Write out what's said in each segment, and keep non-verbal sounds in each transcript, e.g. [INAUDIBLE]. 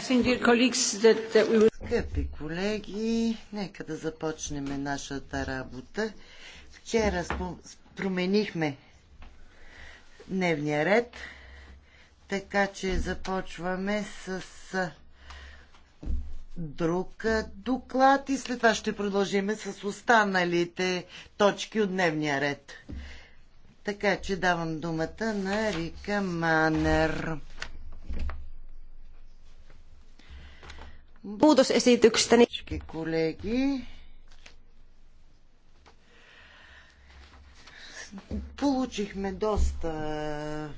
Скъпи колеги, нека да започнем нашата работа. Вчера променихме дневния ред, така че започваме с друг доклад и след това ще продължим с останалите точки от дневния ред. Така че давам думата на Рика Манер. muudosesityksteni. Колеги, получихме доста е,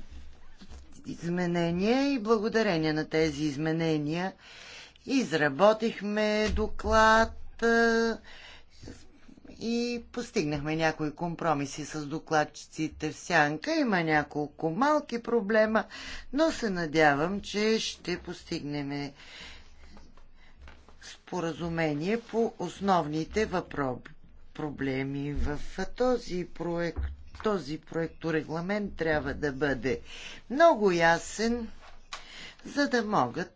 изменения и благодарение на тези изменения изработихме доклад е, и постигнахме някои компромиси с докладчиците в сянка. Има няколко малки проблема, но се надявам, че ще постигнем споразумение по основните въпроси проблеми в този проект. Този проекторегламент трябва да бъде много ясен, за да могат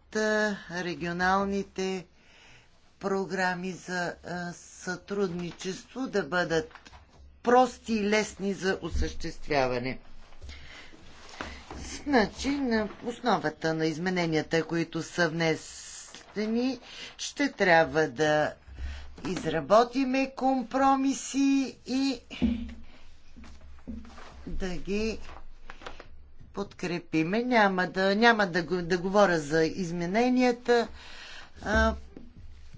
регионалните програми за сътрудничество да бъдат прости и лесни за осъществяване. Значи, на основата на измененията, които са внес ни, ще трябва да изработиме компромиси и да ги подкрепиме. Няма да, няма да, да говоря за измененията а,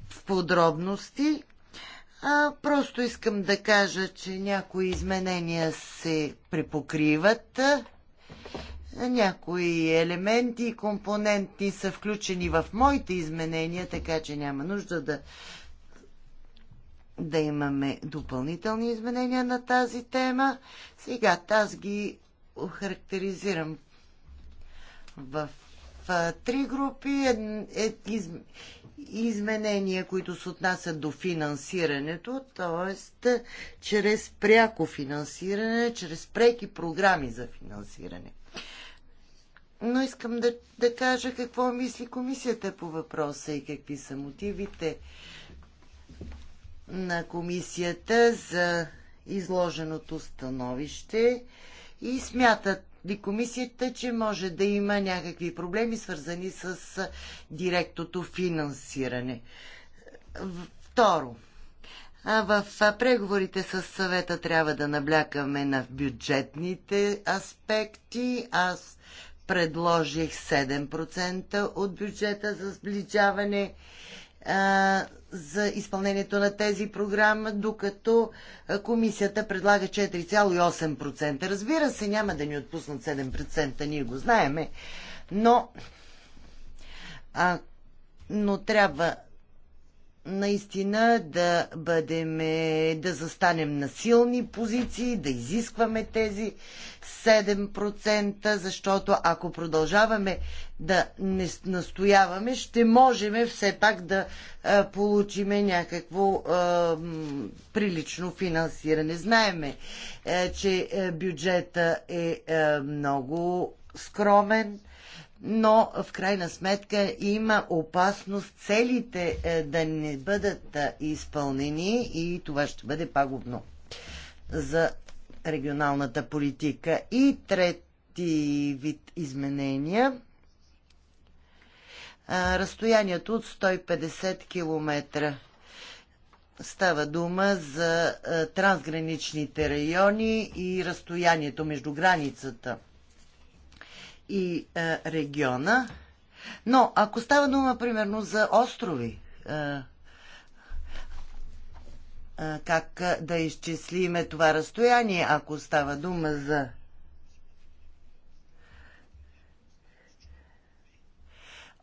в подробности. А, просто искам да кажа, че някои изменения се препокриват някои елементи и компоненти са включени в моите изменения, така че няма нужда да, да имаме допълнителни изменения на тази тема. Сега аз ги охарактеризирам в три групи. Е, е, из, изменения, които се отнасят до финансирането, т.е. чрез пряко финансиране, чрез преки програми за финансиране но искам да, да кажа какво мисли комисията по въпроса и какви са мотивите на комисията за изложеното становище и смятат ли комисията, че може да има някакви проблеми, свързани с директното финансиране. Второ, в преговорите с съвета трябва да наблякаме на бюджетните аспекти. Аз предложих 7% от бюджета за сближаване а, за изпълнението на тези програми, докато комисията предлага 4,8%. Разбира се, няма да ни отпуснат 7%, ние го знаеме, но, а, но трябва наистина да бъдем, да застанем на силни позиции, да изискваме тези 7%, защото ако продължаваме да не настояваме, ще можем все пак да получиме някакво е, прилично финансиране. Знаеме, е, че е, бюджета е е много скромен но в крайна сметка има опасност целите е, да не бъдат е, изпълнени и това ще бъде пагубно за регионалната политика. И трети вид изменения е, разстоянието от 150 км. Става дума за трансграничните райони и разстоянието между границата и а, е, региона. Но ако става дума, примерно, за острови, а, е, а, е, как да изчислиме това разстояние, ако става дума за.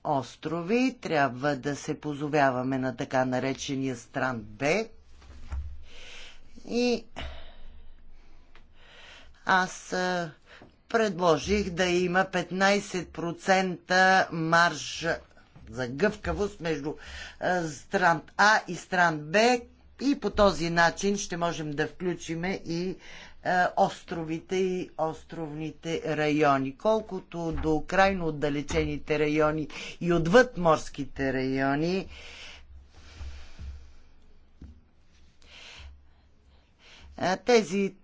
Острови, трябва да се позовяваме на така наречения стран Б. И аз а, предложих да има 15% марж за гъвкавост между стран А и стран Б и по този начин ще можем да включим и островите и островните райони. Колкото до крайно отдалечените райони и отвъд морските райони, тези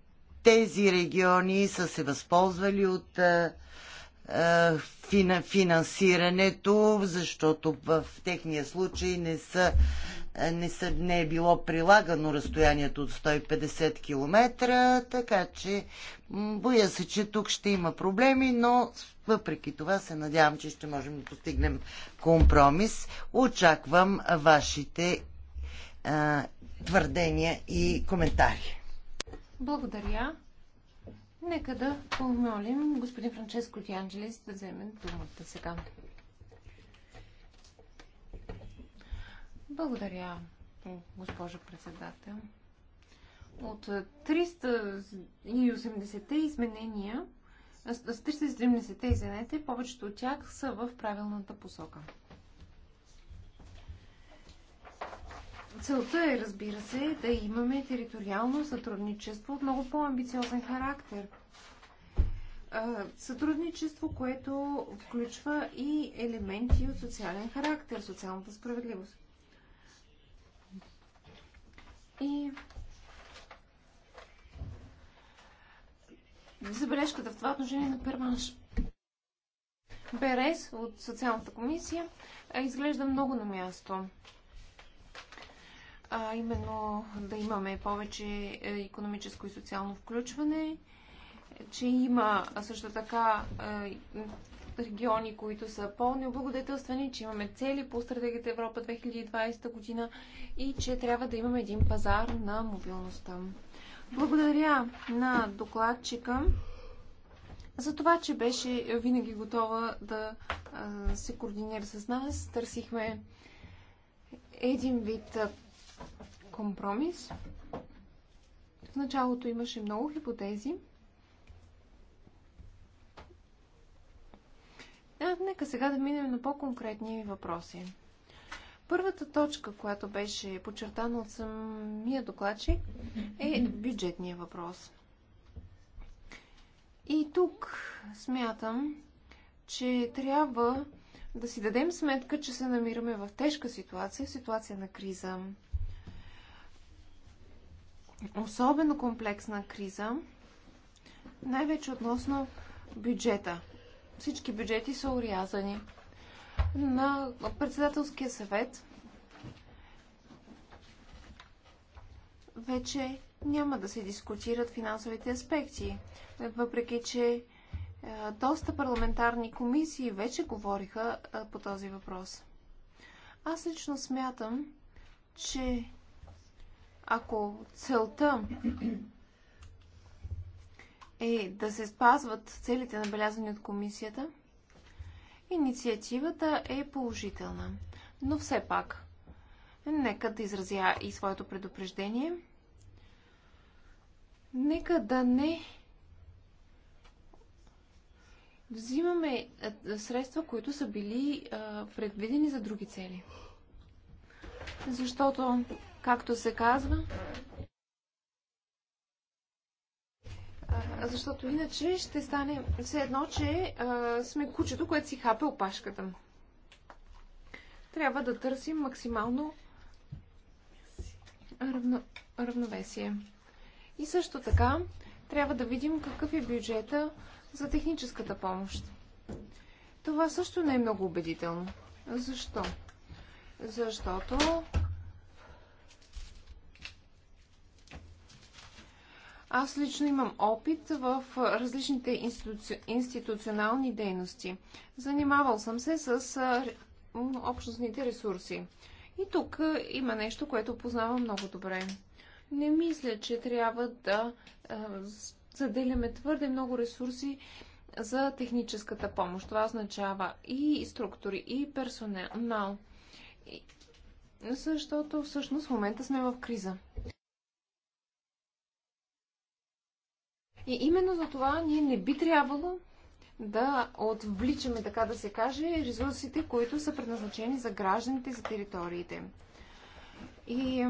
тези региони са се възползвали от финансирането, защото в техния случай не, са, не, са, не е било прилагано разстоянието от 150 км, така че боя се, че тук ще има проблеми, но въпреки това се надявам, че ще можем да постигнем компромис. Очаквам вашите а, твърдения и коментари. Благодаря. Нека да помолим господин Франческо Тианджелис да вземе думата сега. Благодаря, госпожо председател. От 380-те изменения, с 370-те, извинете, повечето от тях са в правилната посока. Целта е, разбира се, да имаме териториално сътрудничество от много по-амбициозен характер. Сътрудничество, което включва и елементи от социален характер, социалната справедливост. И забележката в това отношение на Перманш. Берес от Социалната комисия изглежда много на място а именно да имаме повече економическо и социално включване, че има също така е, региони, които са по-необлагодетелствени, че имаме цели по стратегията Европа 2020 година и че трябва да имаме един пазар на мобилността. Благодаря на докладчика за това, че беше винаги готова да е, се координира с нас. Търсихме един вид компромис. В началото имаше много хипотези. А, нека сега да минем на по-конкретни въпроси. Първата точка, която беше подчертана от самия докладчик, е бюджетния въпрос. И тук смятам, че трябва да си дадем сметка, че се намираме в тежка ситуация, ситуация на криза особено комплексна криза, най-вече относно бюджета. Всички бюджети са урязани. На председателския съвет вече няма да се дискутират финансовите аспекти, въпреки че е, доста парламентарни комисии вече говориха е, по този въпрос. Аз лично смятам, че ако целта е да се спазват целите набелязани от комисията, инициативата е положителна. Но все пак, нека да изразя и своето предупреждение. Нека да не взимаме средства, които са били предвидени за други цели. Защото както се казва. Защото иначе ще стане все едно, че а, сме кучето, което си хапе опашката. Трябва да търсим максимално равно, равновесие. И също така трябва да видим какъв е бюджета за техническата помощ. Това също не е много убедително. Защо? Защото Аз лично имам опит в различните институци... институционални дейности. Занимавал съм се с общностните ресурси. И тук има нещо, което познавам много добре. Не мисля, че трябва да заделяме твърде много ресурси за техническата помощ. Това означава и структури, и персонал. Защото всъщност в момента сме в криза. И именно за това ние не би трябвало да отвличаме, така да се каже, ресурсите, които са предназначени за гражданите, за териториите. И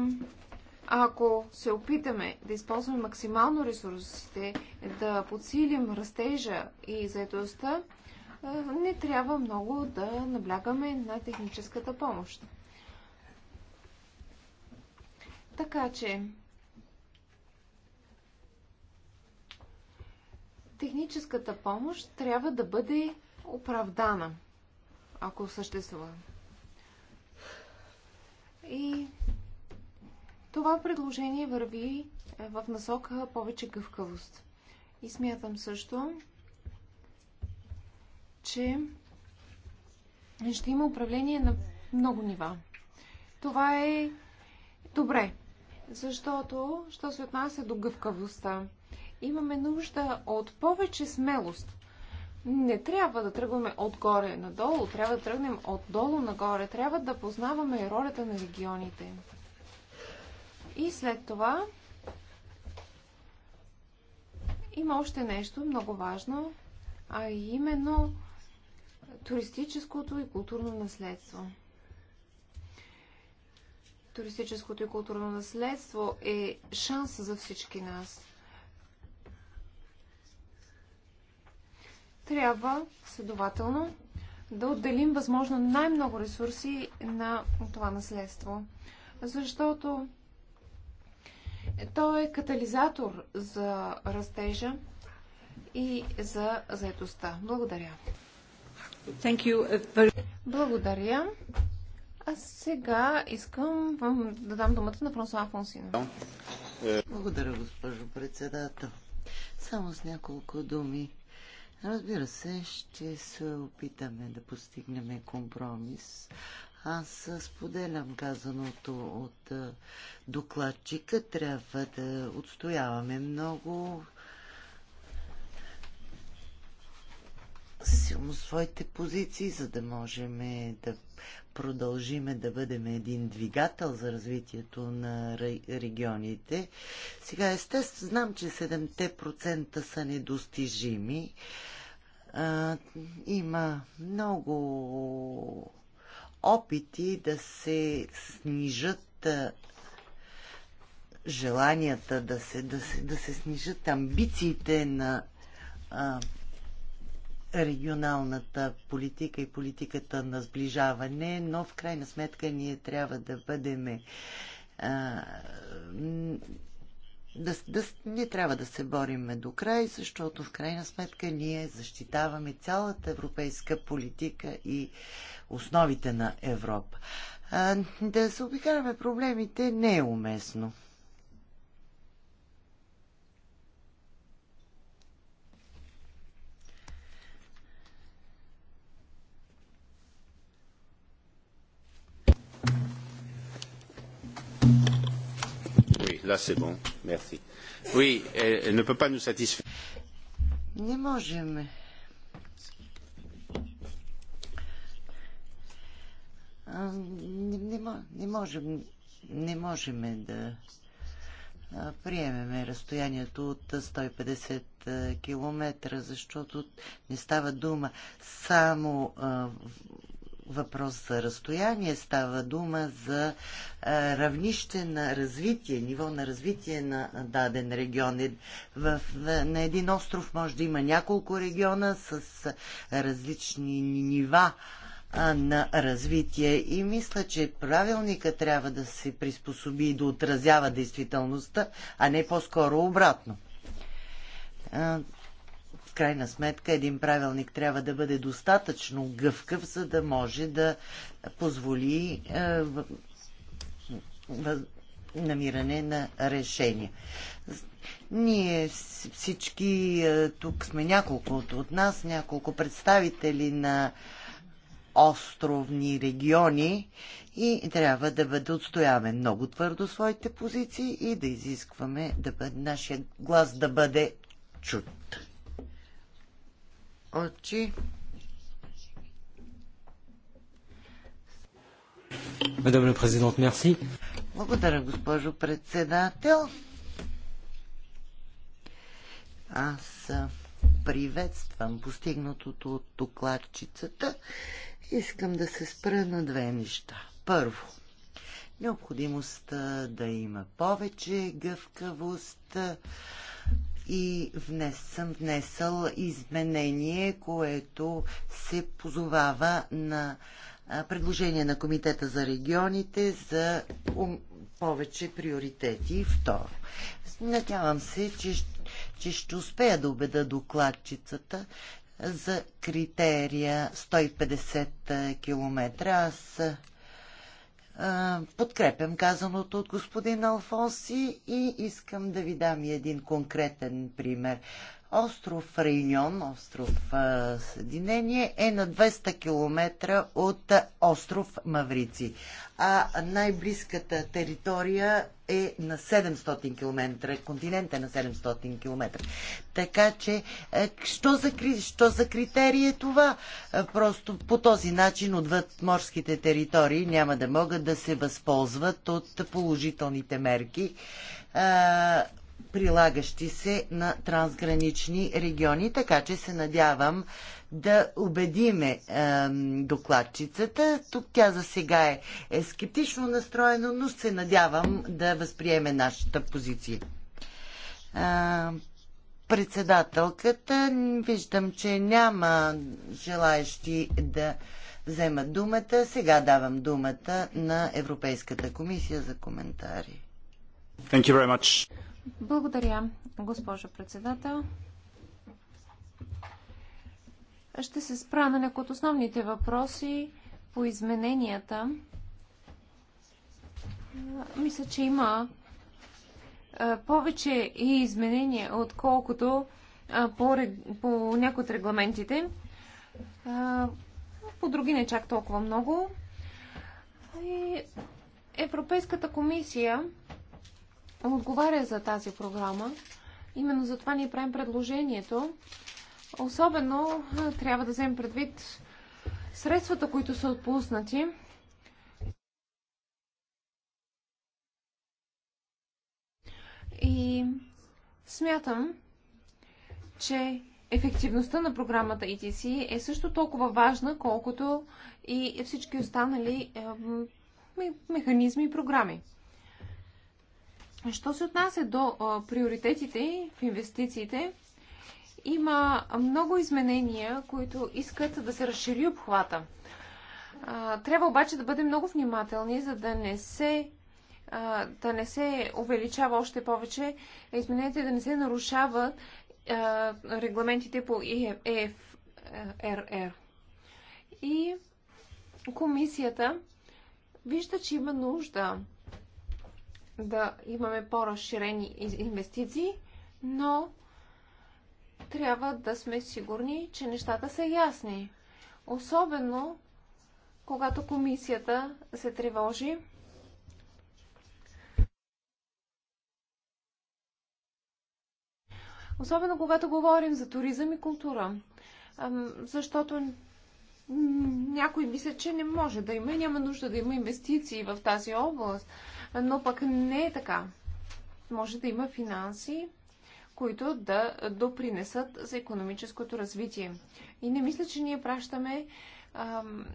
ако се опитаме да използваме максимално ресурсите, да подсилим растежа и заедостта, е, не трябва много да наблягаме на техническата помощ. Така че, техническата помощ трябва да бъде оправдана, ако съществува. И това предложение върви е, в насока повече гъвкавост. И смятам също, че ще има управление на много нива. Това е добре, защото, що се отнася до гъвкавостта, Имаме нужда от повече смелост. Не трябва да тръгваме отгоре надолу, трябва да тръгнем отдолу нагоре, трябва да познаваме ролята на регионите. И след това има още нещо много важно, а именно туристическото и културно наследство. Туристическото и културно наследство е шанс за всички нас. Трябва, следователно, да отделим възможно най-много ресурси на това наследство. Защото то е катализатор за растежа и за заедостта. Благодаря. Uh, Благодаря. А сега искам да дам думата на Франсуа Фонсина. Благодаря, госпожо председател. Само с няколко думи. Разбира се, ще се опитаме да постигнем компромис. Аз споделям казаното от докладчика. Трябва да отстояваме много силно своите позиции, за да можем е, да продължиме да бъдем един двигател за развитието на регионите. Сега, естествено, знам, че 7% са недостижими. А, има много опити да се снижат желанията, да се, да се, да се снижат амбициите на а, регионалната политика и политиката на сближаване, но в крайна сметка ние трябва да бъдем. А, да, да, ние трябва да се бориме до край, защото в крайна сметка ние защитаваме цялата европейска политика и основите на Европа. А, да се обикараме проблемите не е уместно. Не можем. Не, не можем, не можем да приемеме разстоянието от 150 км, защото не става дума само въпрос за разстояние, става дума за равнище на развитие, ниво на развитие на даден регион. Е, в, на един остров може да има няколко региона с различни нива на развитие и мисля, че правилника трябва да се приспособи и да отразява действителността, а не по-скоро обратно крайна сметка един правилник трябва да бъде достатъчно гъвкав, за да може да позволи е, намиране на решение. Ние всички е, тук сме няколко от, от нас, няколко представители на островни региони и трябва да бъде отстояваме много твърдо своите позиции и да изискваме да бъде, нашия глас да бъде чут oči. Madame la Благодаря, госпожо председател. Аз приветствам постигнатото от докладчицата. Искам да се спра на две неща. Първо, необходимостта да има повече гъвкавост и внес, съм внесъл изменение, което се позовава на предложение на Комитета за регионите за повече приоритети. Второ, надявам се, че, че ще успея да убеда докладчицата за критерия 150 км. Аз подкрепям казаното от господин Алфонси и искам да ви дам един конкретен пример. Остров Рейньон, остров Съединение, е на 200 км от остров Маврици. А най-близката територия е на 700 км. Континент е на 700 км. Така че, е, що за, що за критерий е това? Е, просто по този начин отвъд морските територии няма да могат да се възползват от положителните мерки е, прилагащи се на трансгранични региони, така че се надявам да убедиме е, докладчицата. Тук тя за сега е, е скептично настроена, но се надявам да възприеме нашата позиция. Е, председателката, виждам, че няма желаещи да вземат думата. Сега давам думата на Европейската комисия за коментари. Thank you very much. Благодаря, госпожо председател. Ще се спра на някои от основните въпроси по измененията. Мисля, че има повече и изменения, отколкото по, по някои от регламентите. По други не чак толкова много. И Европейската комисия отговаря за тази програма. Именно за това ние правим предложението. Особено трябва да вземем предвид средствата, които са отпуснати. И смятам, че ефективността на програмата ETC е също толкова важна, колкото и всички останали механизми и програми. Що се отнася до а, приоритетите в инвестициите, има много изменения, които искат да се разшири обхвата. А, трябва обаче да бъдем много внимателни, за да не се да не се увеличава още повече, изменете да не се нарушават а, регламентите по ЕФРР. E и комисията вижда, че има нужда да имаме по-разширени инвестиции, но трябва да сме сигурни, че нещата са ясни. Особено, когато комисията се тревожи Особено когато говорим за туризъм и култура. Защото някои мисля, че не може да има и няма нужда да има инвестиции в тази област, но пък не е така. Може да има финанси, които да допринесат за економическото развитие. И не мисля, че ние пращаме ам,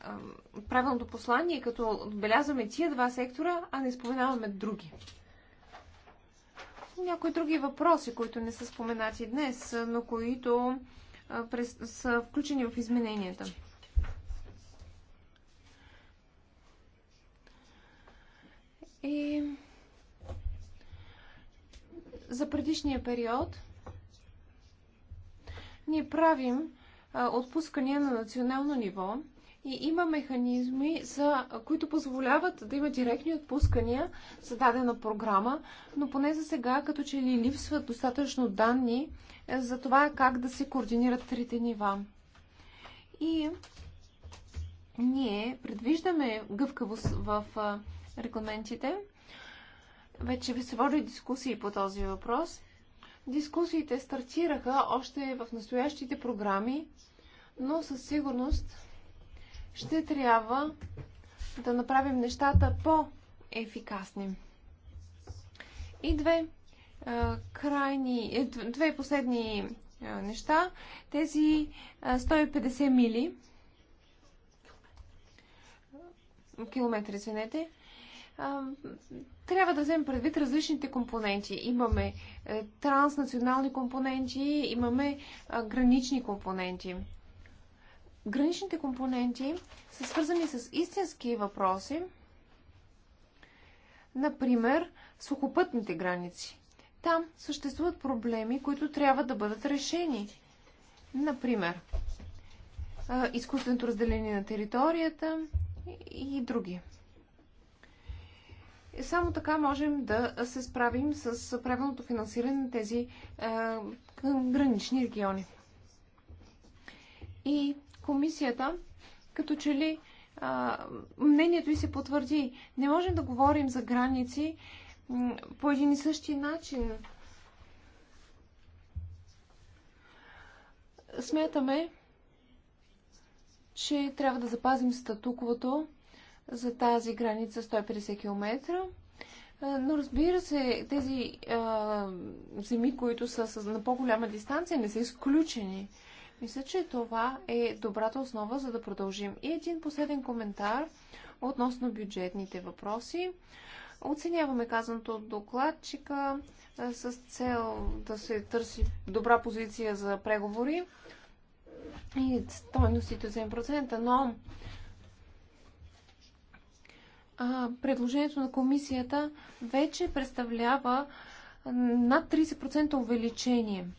ам, правилното послание, като отбелязваме тия два сектора, а не споменаваме други. Някои други въпроси, които не са споменати днес, но които през, са включени в измененията. И за предишния период ние правим а, отпускания на национално ниво и има механизми, за, които позволяват да има директни отпускания за дадена програма, но поне за сега, като че ли липсват достатъчно данни за това как да се координират трите нива. И ние предвиждаме гъвкавост в регламентите. Вече ви се води дискусии по този въпрос. Дискусиите стартираха още в настоящите програми, но със сигурност ще трябва да направим нещата по-ефикасни. И две крайни, е, две последни неща. Тези 150 мили километри, извинете, трябва да вземем предвид различните компоненти. Имаме е, транснационални компоненти, имаме гранични компоненти. Граничните компоненти са свързани с истински въпроси, например, сухопътните граници. Там съществуват проблеми, които трябва да бъдат решени. Например, изкуственото разделение на територията и други. Само така можем да се справим с правилното финансиране на тези е, гранични региони. И комисията, като че ли е, мнението й се потвърди, не можем да говорим за граници по един и същи начин. Смятаме, че трябва да запазим статуковото за тази граница 150 км. Но разбира се, тези а, земи, които са с, на по-голяма дистанция, не са изключени. Мисля, че това е добрата основа, за да продължим. И един последен коментар относно бюджетните въпроси. Оценяваме казаното от докладчика с цел да се търси добра позиция за преговори и стойностите 7%, но а, предложението на комисията вече представлява над 30% увеличение –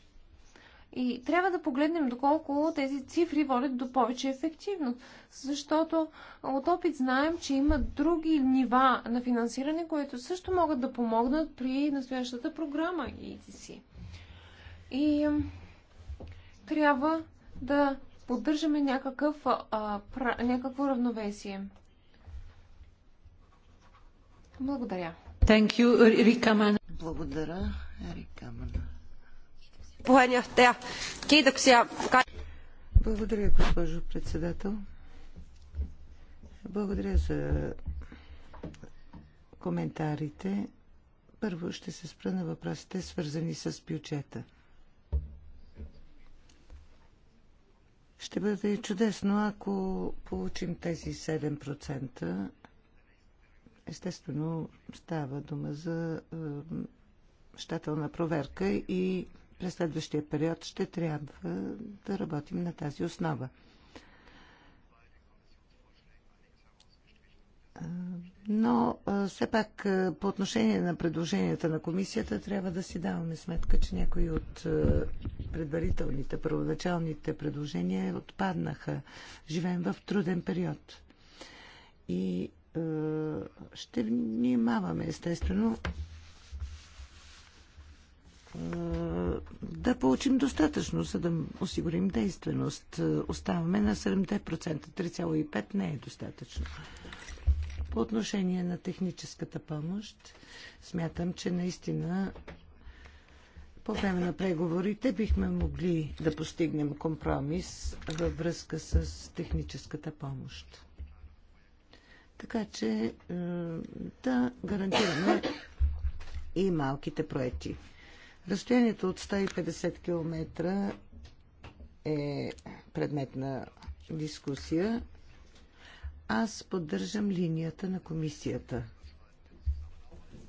и трябва да погледнем доколко тези цифри водят до повече ефективност, защото от опит знаем, че има други нива на финансиране, които също могат да помогнат при настоящата програма ETC. И трябва да поддържаме някакъв, а, пра, някакво равновесие. Благодаря. Thank you, Рикаман. Благодаря, Рикаман. Благодаря, госпожо председател. Благодаря за коментарите. Първо ще се спра на въпросите, свързани с бюджета. Ще бъде чудесно, ако получим тези 7%. Естествено, става дума за щателна проверка и през следващия период ще трябва да работим на тази основа. Но все пак по отношение на предложенията на комисията трябва да си даваме сметка, че някои от предварителните, първоначалните предложения отпаднаха. Живеем в труден период. И ще внимаваме, естествено, е, да получим достатъчно, за да осигурим действеност. Оставаме на 7%. 3,5% не е достатъчно. По отношение на техническата помощ, смятам, че наистина по време на преговорите бихме могли да постигнем компромис във връзка с техническата помощ. Така че е, да гарантираме и малките проекти. Разстоянието от 150 км е предмет на дискусия. Аз поддържам линията на комисията.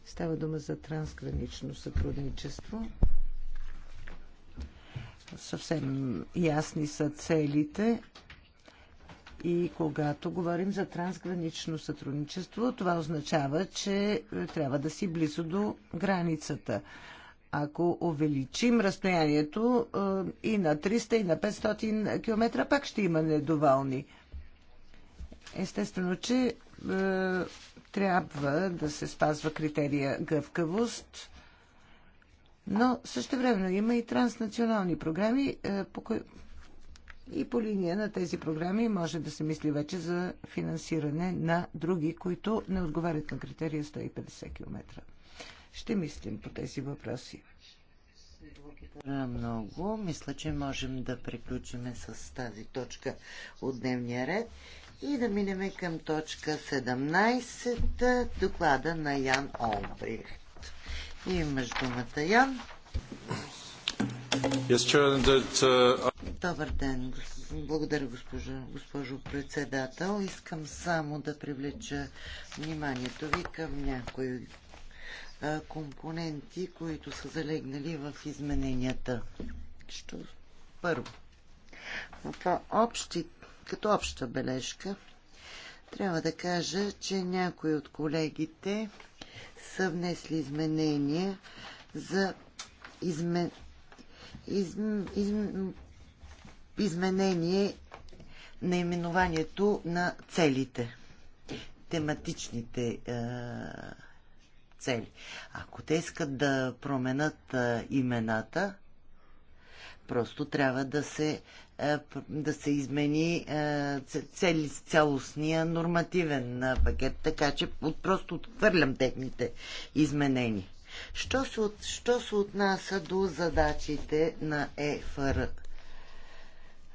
Става дума за трансгранично сътрудничество. Съвсем ясни са целите. И когато говорим за трансгранично сътрудничество, това означава, че трябва да си близо до границата ако увеличим разстоянието е, и на 300, и на 500 км, пак ще има недоволни. Естествено, че е, трябва да се спазва критерия гъвкавост, но също времено има и транснационални програми, е, по кои... и по линия на тези програми може да се мисли вече за финансиране на други, които не отговарят на критерия 150 км ще мислим по тези въпроси. Благодаря много. Мисля, че можем да приключим с тази точка от дневния ред и да минеме към точка 17, доклада на Ян Олбрихт. И имаш думата, Ян. Uh, Добър ден. Благодаря, госпожо, госпожо председател. Искам само да привлеча вниманието ви към някои компоненти, които са залегнали в измененията. Що? Първо, общи, като обща бележка, трябва да кажа, че някои от колегите са внесли изменения за изме... из, из, изменение наименованието на целите, тематичните е цели. Ако те искат да променят имената, просто трябва да се, да се измени цели, цялостния нормативен пакет, така че просто отхвърлям техните изменения. Що се, от, що се отнася до задачите на ЕФР?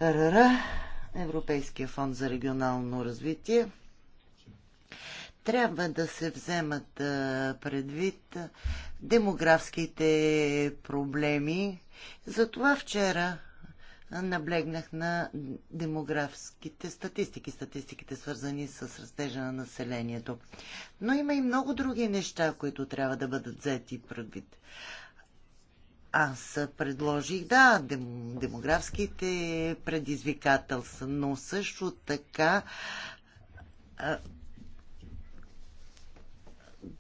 РР, Европейския фонд за регионално развитие трябва да се вземат предвид демографските проблеми. Затова вчера наблегнах на демографските статистики, статистиките свързани с растежа на населението. Но има и много други неща, които трябва да бъдат взети предвид. Аз предложих, да, демографските предизвикателства, но също така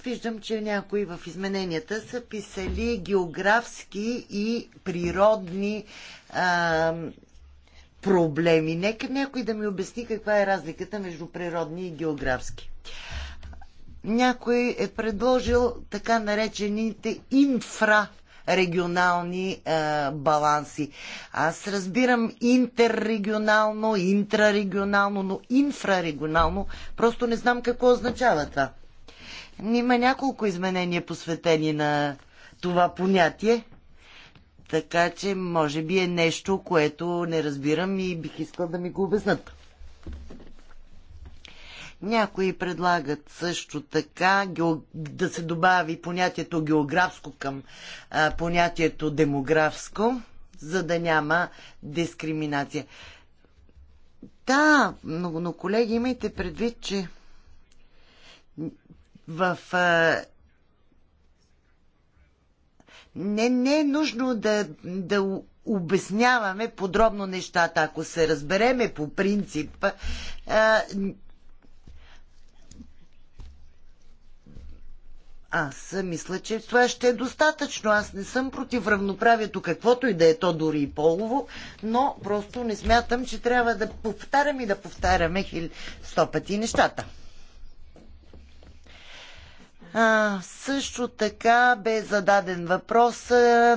Виждам, че някои в измененията са писали географски и природни а, проблеми. Нека някой да ми обясни каква е разликата между природни и географски. Някой е предложил така наречените инфра регионални е, баланси. Аз разбирам интеррегионално, интрарегионално, но инфрарегионално просто не знам какво означава това. Има няколко изменения посветени на това понятие. Така че, може би е нещо, което не разбирам и бих искал да ми го обяснат. Някои предлагат също така да се добави понятието географско към а, понятието демографско, за да няма дискриминация. Да, но, но колеги, имайте предвид, че в не, не е нужно да, да обясняваме подробно нещата. Ако се разбереме по принцип, а, аз мисля, че това ще е достатъчно. Аз не съм против равноправието, каквото и да е то дори и полово, но просто не смятам, че трябва да повтарям и да повтаряме сто пъти нещата също така бе зададен въпрос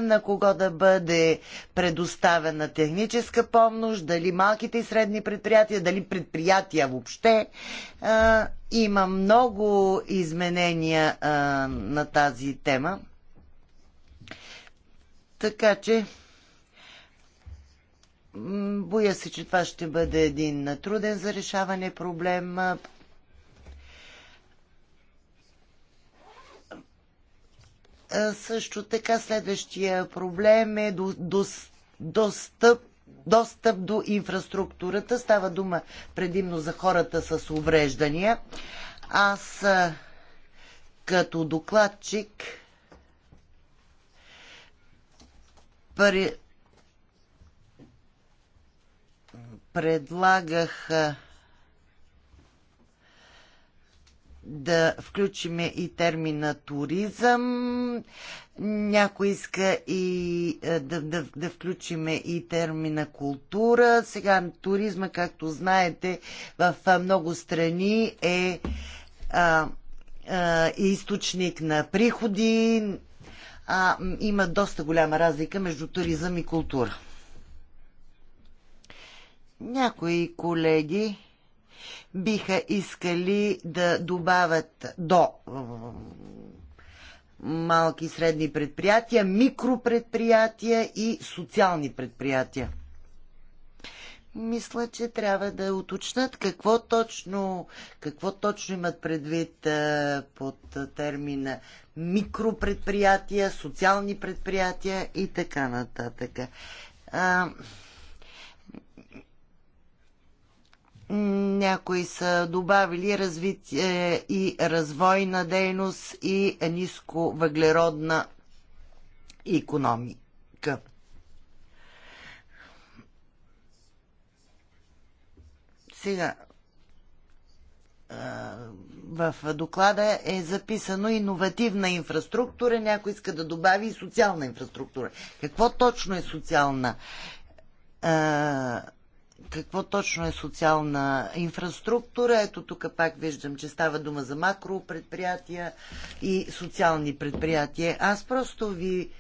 на кого да бъде предоставена техническа помощ, дали малките и средни предприятия, дали предприятия въобще. А, има много изменения а, на тази тема. Така че, боя се, че това ще бъде един труден за решаване проблем. Също така следващия проблем е до, до, достъп достъп до инфраструктурата. Става дума предимно за хората с увреждания. Аз като докладчик предлагах да включиме и термина туризъм. Някой иска и е, да, да, да включиме и термина култура. Сега туризма, както знаете, в е, много страни е а, е, а, източник на приходи. А, има доста голяма разлика между туризъм и култура. Някои колеги биха искали да добавят до малки и средни предприятия, микропредприятия и социални предприятия. Мисля, че трябва да уточнат какво точно, какво точно имат предвид е, под термина микропредприятия, социални предприятия и така нататък. А, Някои са добавили развитие и развойна дейност и ниско въглеродна економика. Сега, в доклада е записано иновативна инфраструктура, някой иска да добави и социална инфраструктура. Какво точно е социална какво точно е социална инфраструктура. Ето тук пак виждам, че става дума за макропредприятия и социални предприятия. Аз просто ви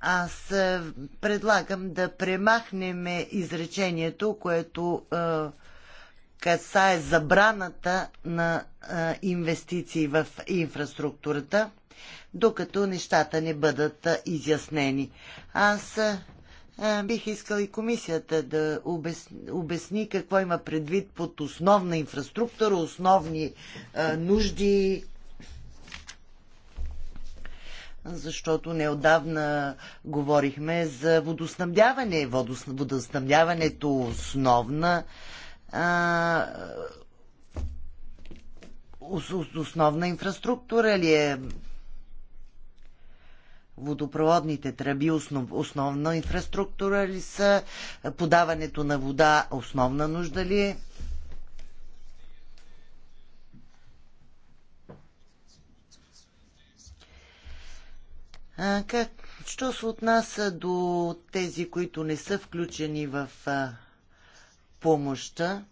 аз е, предлагам да премахнем изречението, което е, касае забраната на е, инвестиции в инфраструктурата, докато нещата не бъдат е, изяснени. Аз е, е, бих искал и комисията да обясни какво има предвид под основна инфраструктура, основни е, нужди, защото неодавна говорихме за водоснабдяване. Водоснабдяването основна а, основна инфраструктура ли е водопроводните тръби основ, основна инфраструктура ли са? Подаването на вода основна нужда ли е? А, как? Що се отнася до тези, които не са включени в а, помощта?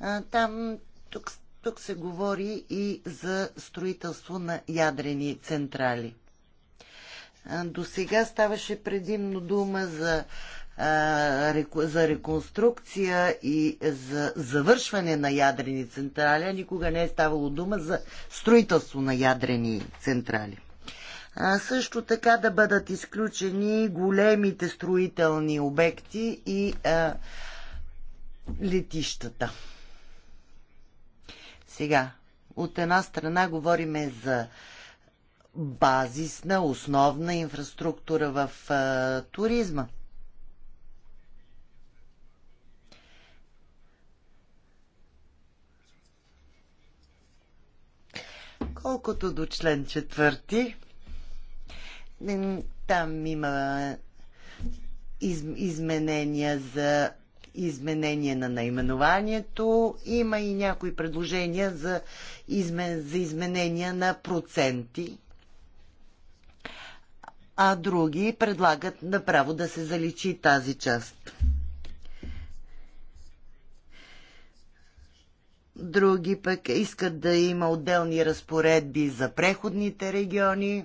А, там, тук, тук се говори и за строителство на ядрени централи. До сега ставаше предимно дума за, за реконструкция и за завършване на ядрени централи, а никога не е ставало дума за строителство на ядрени централи. А също така да бъдат изключени големите строителни обекти и а, летищата. Сега, от една страна говориме за базисна, основна инфраструктура в а, туризма. Колкото до член четвърти, там има из, изменения за изменение на наименованието. Има и някои предложения за, измен, за изменения на проценти а други предлагат направо да се заличи тази част. Други пък искат да има отделни разпоредби за преходните региони.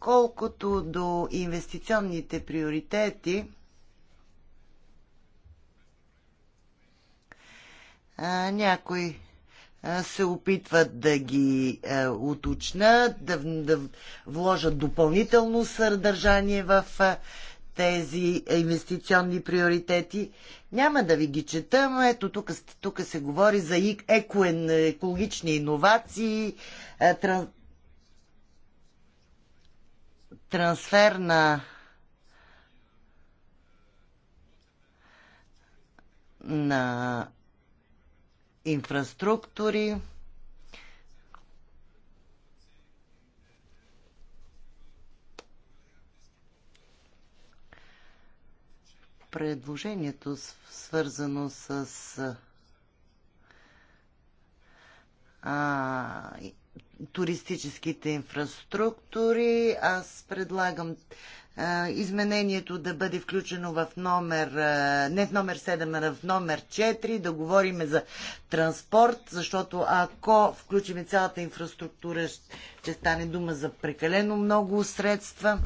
Колкото до инвестиционните приоритети, някои се опитват да ги е, уточнат, да, да вложат допълнително съдържание в е, тези инвестиционни приоритети. Няма да ви ги четам. Ето тук, тук се говори за екоен, екологични иновации, е, тран, трансфер на на инфраструктури. Предложението, свързано с а, туристическите инфраструктури. Аз предлагам изменението да бъде включено в номер, не в номер 7, а в номер 4, да говорим за транспорт, защото ако включим цялата инфраструктура, ще стане дума за прекалено много средства.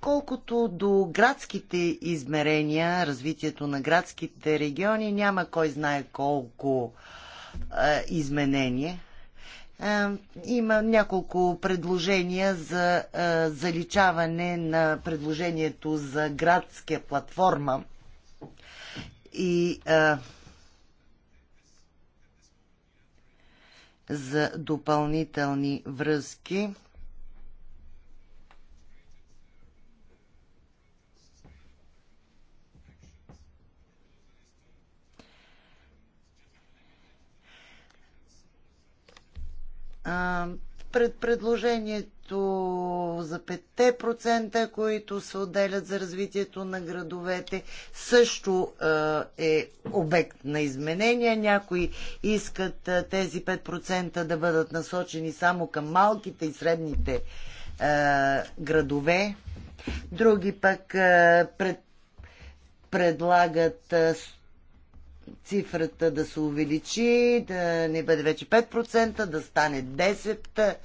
Колкото до градските измерения, развитието на градските региони, няма кой знае колко изменение е, има няколко предложения за е, заличаване на предложението за градска платформа и е, за допълнителни връзки. пред предложението за 5%, които се отделят за развитието на градовете, също е обект на изменения. Някои искат тези 5% да бъдат насочени само към малките и средните градове. Други пък пред, предлагат цифрата да се увеличи, да не бъде вече 5%, да стане 10%,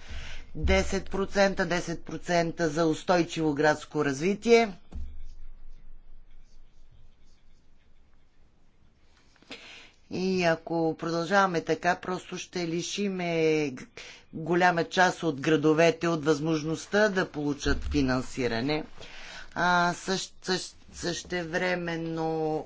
10%, 10% за устойчиво градско развитие. И ако продължаваме така, просто ще лишиме голяма част от градовете от възможността да получат финансиране. А, също, същ, същевременно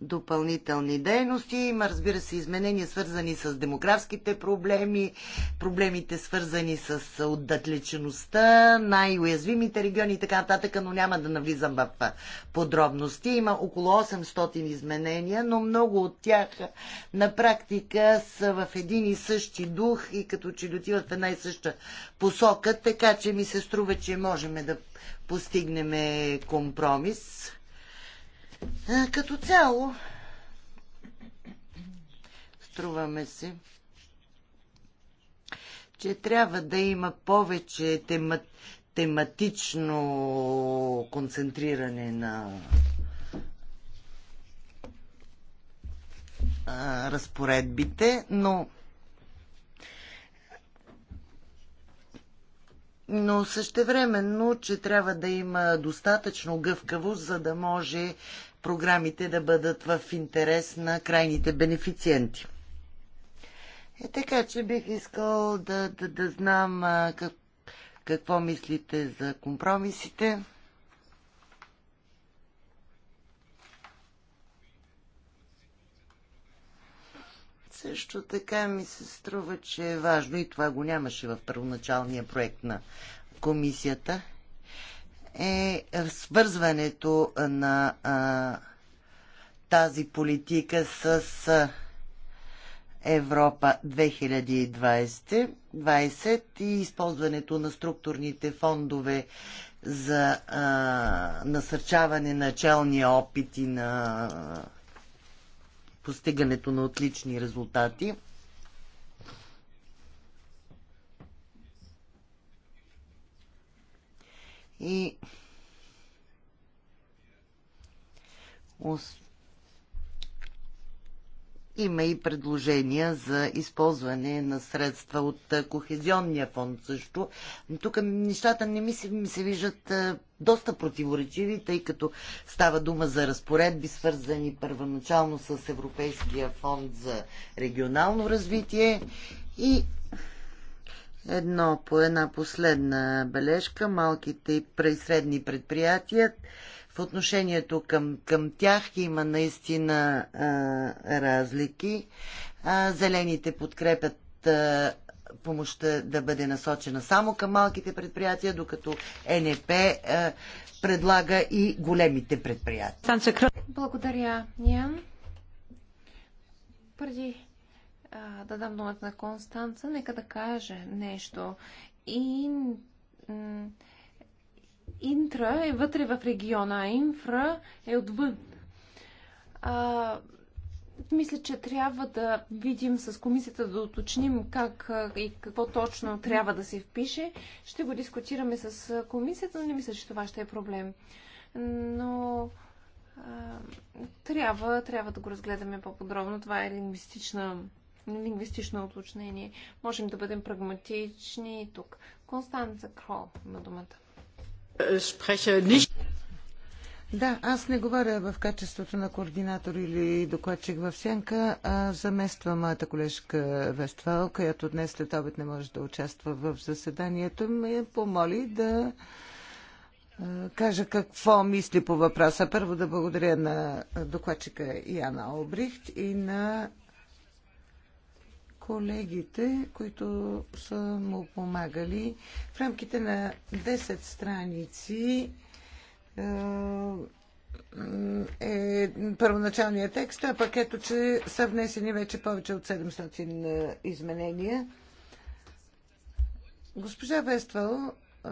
допълнителни дейности. Има, разбира се, изменения свързани с демографските проблеми, проблемите свързани с отдатлечеността, най-уязвимите региони и така нататък, но няма да навлизам в подробности. Има около 800 изменения, но много от тях на практика са в един и същи дух и като че дотиват в една и съща посока, така че ми се струва, че можем да постигнем компромис. Като цяло, струваме се, че трябва да има повече тема, тематично концентриране на а, разпоредбите, но но същевременно, че трябва да има достатъчно гъвкавост, за да може програмите да бъдат в интерес на крайните бенефициенти. Е, така че бих искал да, да, да знам а, как, какво мислите за компромисите. Също така ми се струва, че е важно и това го нямаше в първоначалния проект на комисията – е свързването на а, тази политика с а, Европа 2020 20 и използването на структурните фондове за а, насърчаване на челни опити на а, постигането на отлични резултати. и има и предложения за използване на средства от Кохезионния фонд също. Тук нещата не ми се, ми се виждат доста противоречиви, тъй като става дума за разпоредби, свързани първоначално с Европейския фонд за регионално развитие и Едно по една последна бележка. Малките и средни предприятия. В отношението към, към тях има наистина а, разлики. А, зелените подкрепят а, помощта да бъде насочена само към малките предприятия, докато НП а, предлага и големите предприятия. Благодаря, Ян. Преди да дам думата на Констанца, нека да каже нещо. И интра е вътре в региона, а инфра е отвън. А, мисля, че трябва да видим с комисията да уточним как и какво точно трябва да се впише. Ще го дискутираме с комисията, но не мисля, че това ще е проблем. Но а, трябва, трябва да го разгледаме по-подробно. Това е лингвистична лингвистично уточнение. Можем да бъдем прагматични и тук. Констанца Крол има думата. Да, аз не говоря в качеството на координатор или докладчик в Сянка, а замества моята колежка Вествал, която днес след обед не може да участва в заседанието. Ме помоли да кажа какво мисли по въпроса. Първо да благодаря на докладчика Яна Обрихт и на колегите, които са му помагали. В рамките на 10 страници е, е първоначалният текст, а пък ето, че са внесени вече повече от 700 е, изменения. Госпожа Вествал е,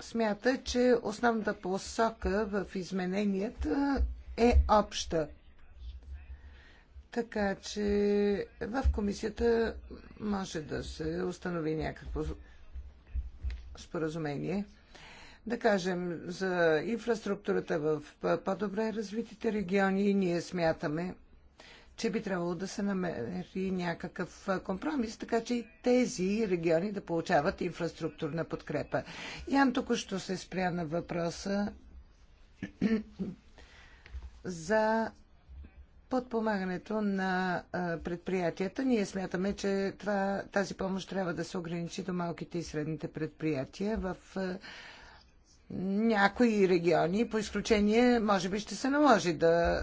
смята, че основната посока в измененията е обща. Така че в комисията може да се установи някакво споразумение. Да кажем, за инфраструктурата в по-добре развитите региони ние смятаме, че би трябвало да се намери някакъв компромис, така че и тези региони да получават инфраструктурна подкрепа. Ян току-що се спря на въпроса [CLEARS THROAT] за подпомагането на предприятията. Ние смятаме, че това, тази помощ трябва да се ограничи до малките и средните предприятия в някои региони. По изключение, може би ще се наложи да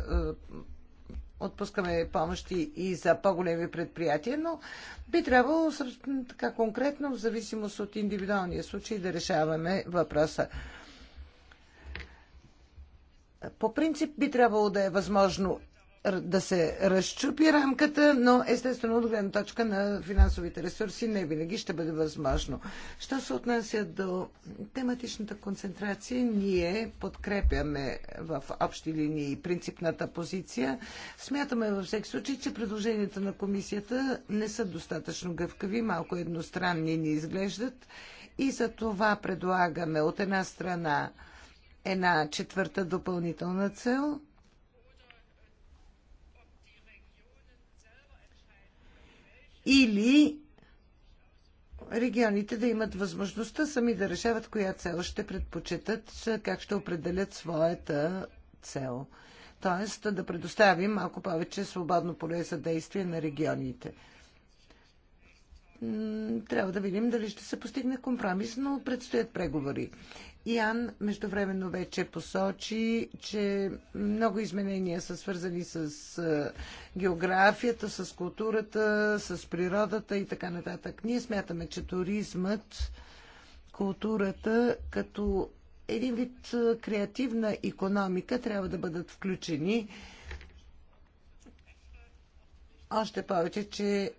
отпускаме помощи и за по-големи предприятия, но би трябвало така конкретно, в зависимост от индивидуалния случай, да решаваме въпроса. По принцип би трябвало да е възможно да се разчупи рамката, но естествено от гледна точка на финансовите ресурси не винаги ще бъде възможно. Що се отнася до тематичната концентрация, ние подкрепяме в общи линии принципната позиция. Смятаме във всеки случай, че предложенията на комисията не са достатъчно гъвкави, малко едностранни ни изглеждат и за това предлагаме от една страна една четвърта допълнителна цел – или регионите да имат възможността сами да решават коя цел ще предпочитат, как ще определят своята цел. Тоест да предоставим малко повече свободно поле за действие на регионите. Трябва да видим дали ще се постигне компромис, но предстоят преговори. Иан междувременно вече посочи, че много изменения са свързани с географията, с културата, с природата и така нататък. Ние смятаме, че туризмът, културата като един вид креативна економика трябва да бъдат включени. Още повече, че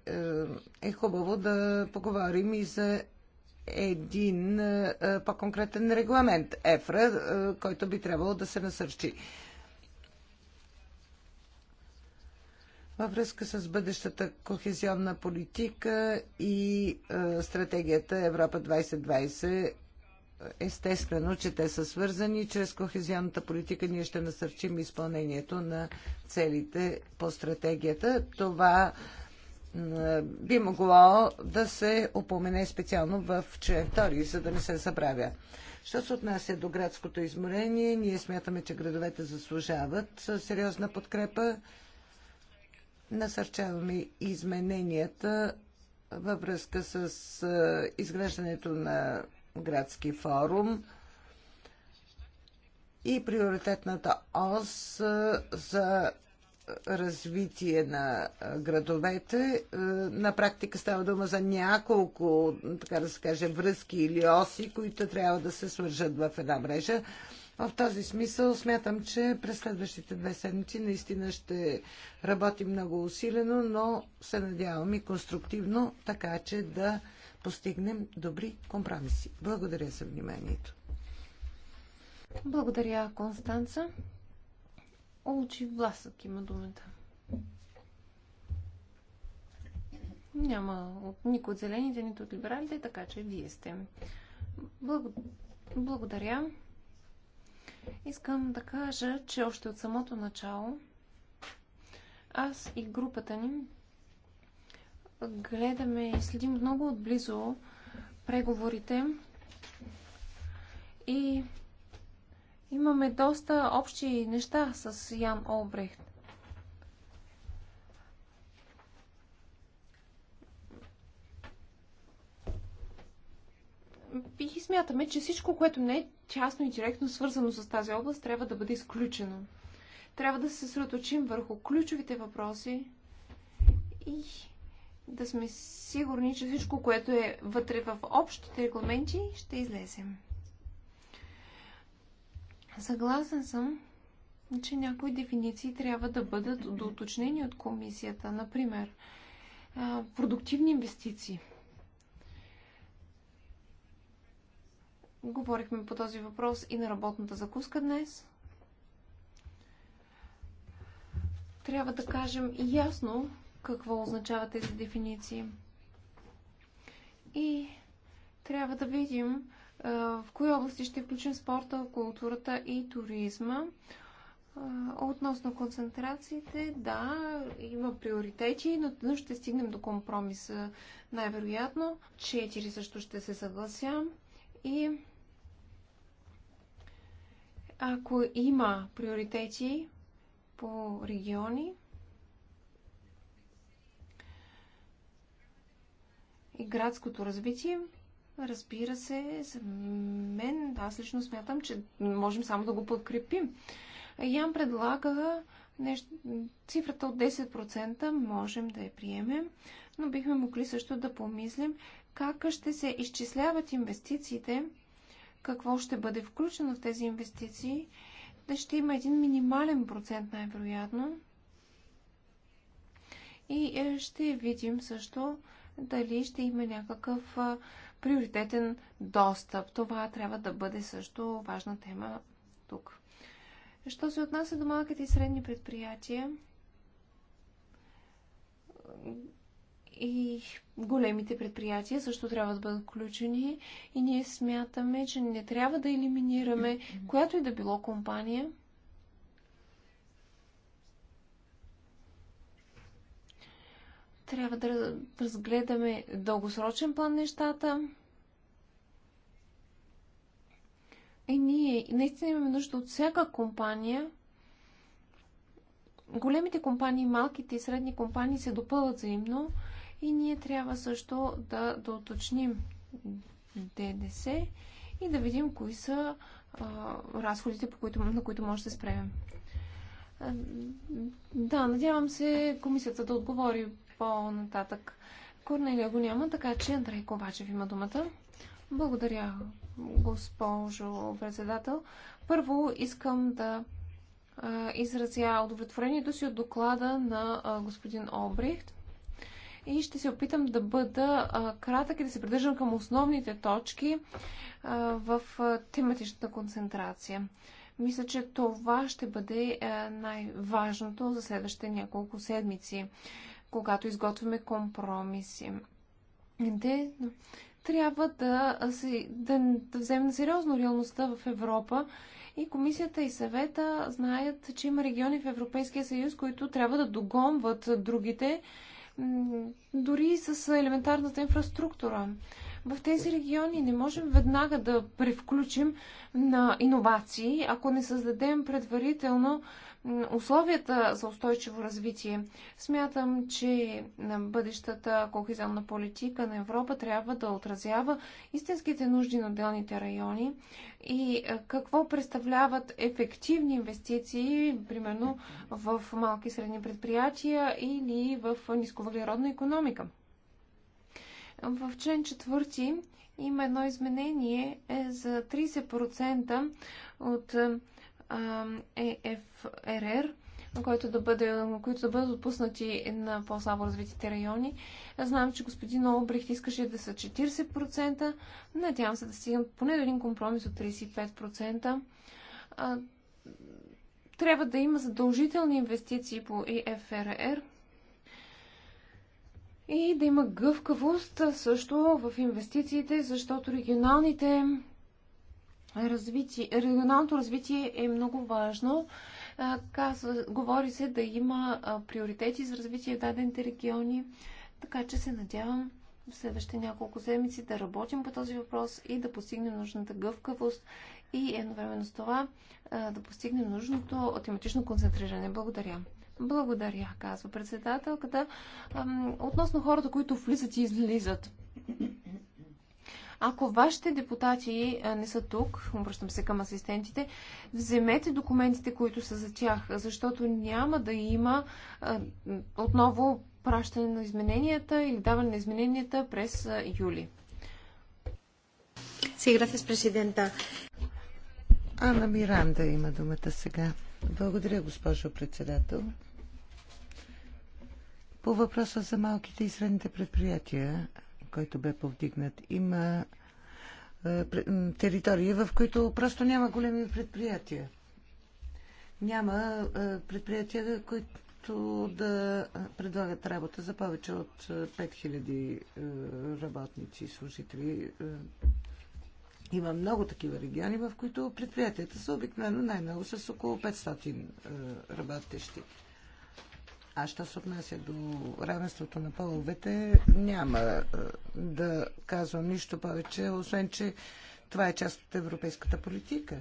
е хубаво да поговорим и за един е, е, по-конкретен регламент ЕФРА, е, който би трябвало да се насърчи. във връзка с бъдещата кохезионна политика и е, стратегията Европа 2020. Естествено, че те са свързани. Чрез кохезионната политика ние ще насърчим изпълнението на целите по стратегията. Това е, би могло да се опомене специално в член 2, за да не се забравя. Що се отнася до градското изморение, ние смятаме, че градовете заслужават сериозна подкрепа. Насърчаваме измененията във връзка с изграждането на градски форум и приоритетната ОС за развитие на градовете. На практика става дума за няколко, така да се каже, връзки или оси, които трябва да се свържат в една мрежа. В този смисъл смятам, че през следващите две седмици наистина ще работим много усилено, но се надявам и конструктивно, така че да постигнем добри компромиси. Благодаря за вниманието. Благодаря, Констанца. Олчи Власък има думата. Няма от, никой от зелените, нито от либералите, така че вие сте. Благодаря. Искам да кажа, че още от самото начало аз и групата ни гледаме и следим много отблизо преговорите и Имаме доста общи неща с Ян Олбрехт. И смятаме, че всичко, което не е тясно и директно свързано с тази област, трябва да бъде изключено. Трябва да се съсредоточим върху ключовите въпроси и да сме сигурни, че всичко, което е вътре в общите регламенти, ще излезем. Съгласен съм, че някои дефиниции трябва да бъдат доуточнени от комисията. Например, продуктивни инвестиции. Говорихме по този въпрос и на работната закуска днес. Трябва да кажем ясно какво означават тези дефиниции. И трябва да видим в кои области ще включим спорта, културата и туризма. Относно концентрациите, да, има приоритети, но ще стигнем до компромис най-вероятно. Четири също ще се съглася. И ако има приоритети по региони, и градското развитие, Разбира се, за мен, аз лично смятам, че можем само да го подкрепим. Ян предлага нещо, цифрата от 10% можем да я приемем, но бихме могли също да помислим как ще се изчисляват инвестициите, какво ще бъде включено в тези инвестиции, да ще има един минимален процент най-вероятно. И е, ще видим също дали ще има някакъв приоритетен достъп. Това трябва да бъде също важна тема тук. Що се отнася до малките и средни предприятия и големите предприятия също трябва да бъдат включени и ние смятаме, че не трябва да елиминираме която и да било компания, Трябва да разгледаме дългосрочен план нещата. Е, ние наистина имаме нужда от всяка компания. Големите компании, малките и средни компании се допълват взаимно и ние трябва също да, да уточним ДДС и да видим кои са а, разходите, по които, на които може да се спремем. Да, надявам се комисията да отговори по-нататък. Корнелия го няма, така че Андрей Ковачев има думата. Благодаря, госпожо председател. Първо искам да изразя удовлетворението си от доклада на господин Обрихт и ще се опитам да бъда кратък и да се придържам към основните точки в тематичната концентрация. Мисля, че това ще бъде най-важното за следващите няколко седмици когато изготвяме компромиси. Те трябва да, да, да вземем на сериозно реалността в Европа и комисията и съвета знаят, че има региони в Европейския съюз, които трябва да догонват другите, дори с елементарната инфраструктура в тези региони. Не можем веднага да превключим на иновации, ако не създадем предварително условията за устойчиво развитие. Смятам, че на бъдещата кохезионна политика на Европа трябва да отразява истинските нужди на отделните райони и е, какво представляват ефективни инвестиции, примерно в малки и средни предприятия или в нисковъглеродна економика. В член 4 има едно изменение е за 30% от е, ЕФРР, който да бъде, които да бъдат отпуснати на по-слабо развитите райони. Знам, че господин Олбрехт искаше да са 40%. Надявам се да стигнат поне до един компромис от 35%. Трябва да има задължителни инвестиции по ЕФРР и да има гъвкавост също в инвестициите, защото регионалните развитие, регионалното развитие е много важно. Каза, говори се да има приоритети за развитие в дадените региони, така че се надявам в следващите няколко седмици да работим по този въпрос и да постигнем нужната гъвкавост и едновременно с това да постигнем нужното тематично концентриране. Благодаря. Благодаря, казва председателката. Относно хората, които влизат и излизат. Ако вашите депутати не са тук, обръщам се към асистентите, вземете документите, които са за тях, защото няма да има отново пращане на измененията или даване на измененията през юли. Sí, с президента. Ана Миранда има думата сега. Благодаря, госпожо председател. По въпроса за малките и средните предприятия, който бе повдигнат, има е, територии, в които просто няма големи предприятия. Няма е, предприятия, които да е, предлагат работа за повече от 5000 е, е, работници и служители. Е, има много такива региони, в които предприятията са обикновено най-много с около 500 работещи. А що се отнася до равенството на половете, няма е, да казвам нищо повече, освен че това е част от европейската политика.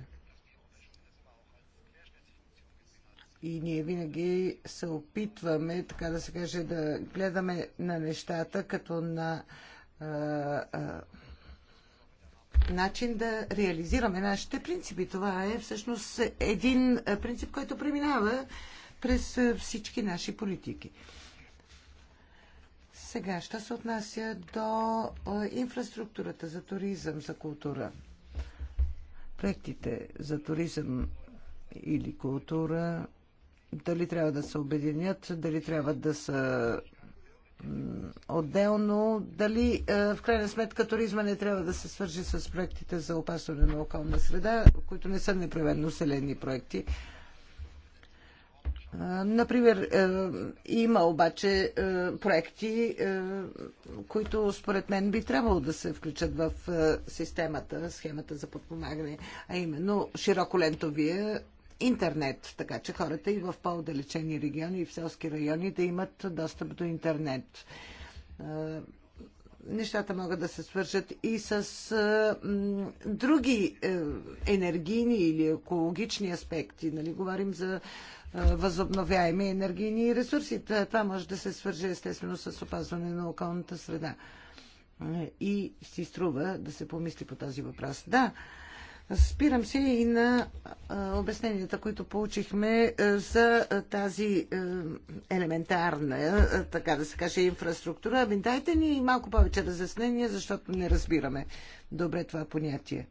И ние винаги се опитваме, така да се каже, да гледаме на нещата като на а, е, а, е, начин да реализираме нашите принципи. Това е всъщност един принцип, който преминава през всички наши политики. Сега, ще се отнася до инфраструктурата за туризъм, за култура? Проектите за туризъм или култура, дали трябва да се обединят, дали трябва да са отделно, дали в крайна сметка туризма не трябва да се свържи с проектите за опасване на околна среда, които не са непременно селени проекти. Например, е, има обаче е, проекти, е, които според мен би трябвало да се включат в системата, схемата за подпомагане, а именно широколентовия интернет, така че хората и в по удалечени региони и в селски райони да имат достъп до интернет. Нещата могат да се свържат и с други енергийни или екологични аспекти. Нали? Говорим за възобновяеми енергийни ресурси. Това може да се свърже естествено с опазване на околната среда. И си струва да се помисли по този въпрос. Да, спирам се и на обясненията, които получихме за тази елементарна, така да се каже, инфраструктура. Ами дайте ни малко повече разяснения, защото не разбираме добре това понятие.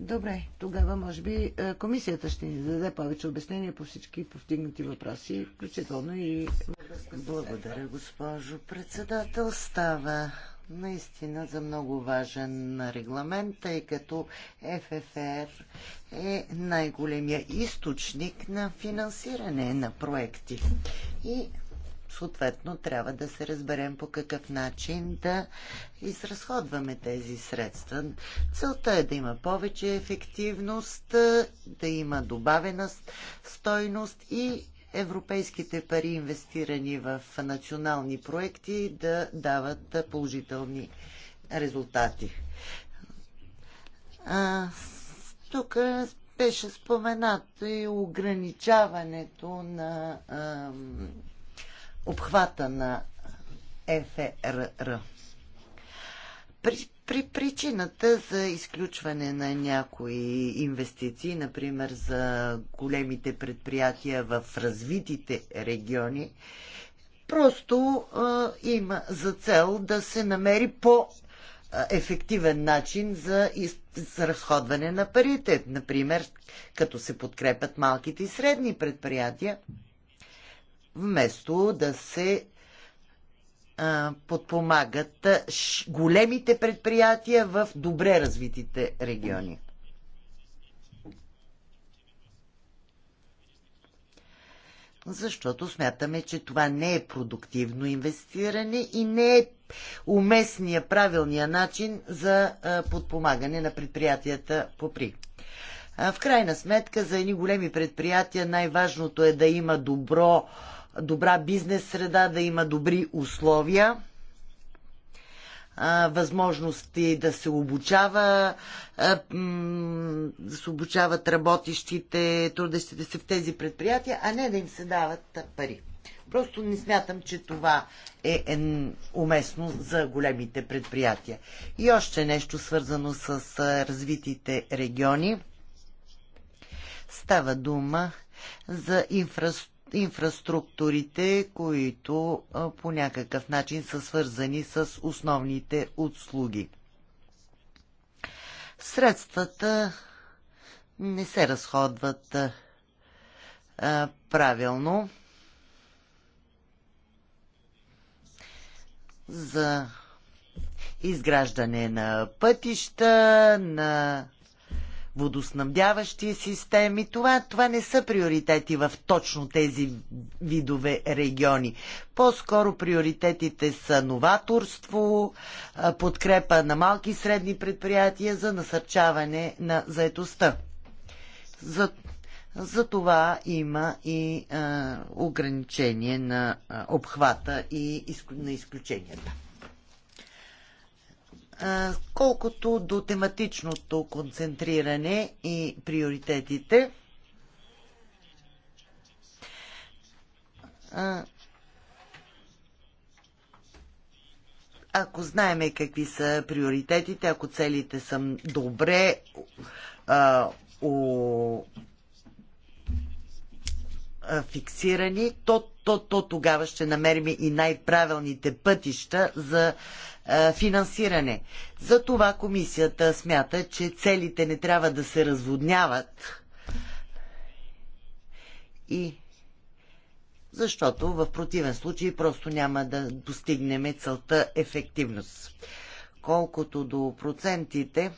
Добре, тогава може би е, комисията ще ни даде повече обяснения по всички повдигнати въпроси, включително и... Благодаря, госпожо председател. Става наистина за много важен регламент, тъй като ФФР е най-големия източник на финансиране на проекти. И съответно трябва да се разберем по какъв начин да изразходваме тези средства. Целта е да има повече ефективност, да има добавена стойност и европейските пари, инвестирани в национални проекти, да дават положителни резултати. А, тук беше споменато и ограничаването на а, обхвата на ФРР. При, при причината за изключване на някои инвестиции, например за големите предприятия в развитите региони, просто а, има за цел да се намери по ефективен начин за, из... за разходване на парите. Например, като се подкрепят малките и средни предприятия, вместо да се подпомагат големите предприятия в добре развитите региони. Защото смятаме, че това не е продуктивно инвестиране и не е уместния, правилния начин за подпомагане на предприятията по при. В крайна сметка, за едни големи предприятия най-важното е да има добро добра бизнес среда, да има добри условия, възможности да се обучава, да се обучават работещите, трудещите се в тези предприятия, а не да им се дават пари. Просто не смятам, че това е, е уместно за големите предприятия. И още нещо свързано с развитите региони. Става дума за инфраструктура инфраструктурите, които по някакъв начин са свързани с основните услуги. Средствата не се разходват правилно за изграждане на пътища, на водоснабдяващи системи. Това, това не са приоритети в точно тези видове региони. По-скоро приоритетите са новаторство, подкрепа на малки и средни предприятия за насърчаване на заетостта. За, за това има и а, ограничение на а, обхвата и на изключенията. Колкото до тематичното концентриране и приоритетите, ако знаеме какви са приоритетите, ако целите са добре а, у, а, фиксирани, то, то, то тогава ще намерим и най-правилните пътища за финансиране. Затова комисията смята, че целите не трябва да се разводняват и защото в противен случай просто няма да достигнем целта ефективност. Колкото до процентите,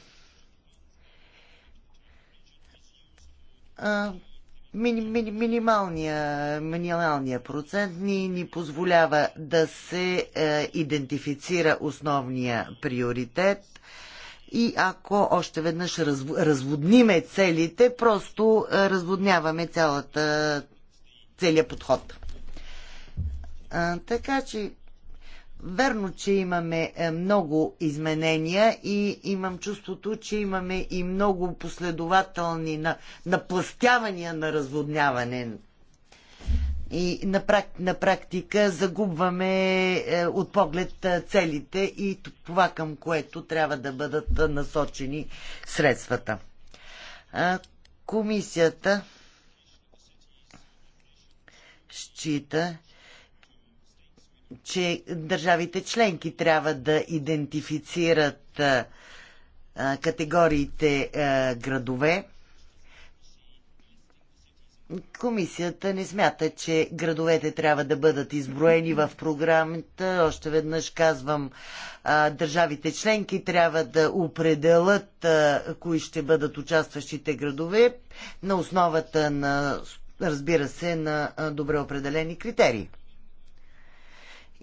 мини, мини, минималния, минималния процент ни, ни позволява да се е, идентифицира основния приоритет и ако още веднъж раз, разводниме целите, просто е, разводняваме цялата, целият подход. А, така че Верно, че имаме е, много изменения и имам чувството, че имаме и много последователни напластявания на разводняване. И на, прак, на практика загубваме е, от поглед е, целите и това към което трябва да бъдат насочени средствата. комисията счита, че държавите членки трябва да идентифицират категориите градове. Комисията не смята, че градовете трябва да бъдат изброени в програмата. Още веднъж казвам, държавите членки трябва да определят кои ще бъдат участващите градове на основата на, разбира се, на добре определени критерии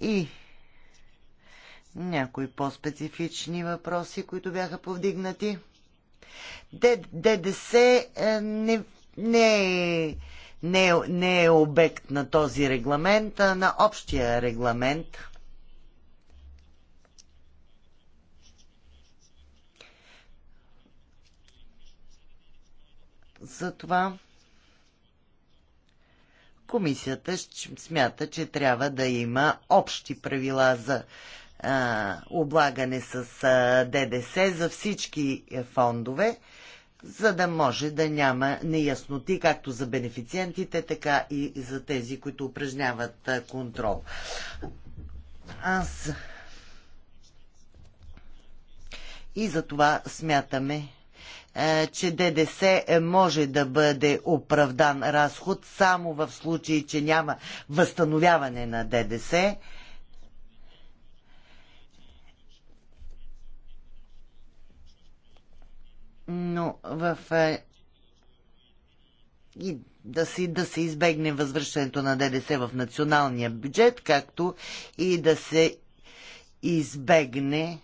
и някои по-специфични въпроси, които бяха повдигнати. ДДС е, не, не, е, не, е, не е обект на този регламент, а на общия регламент. Затова Комисията смята, че трябва да има общи правила за а, облагане с а, ДДС за всички е, фондове, за да може да няма неясноти както за бенефициентите, така и за тези, които упражняват а, контрол. Аз и за това смятаме, е, че ДДС може да бъде оправдан разход само в случай, че няма възстановяване на ДДС. Но в е, и да, си, да се избегне възвръщането на ДДС в националния бюджет, както и да се избегне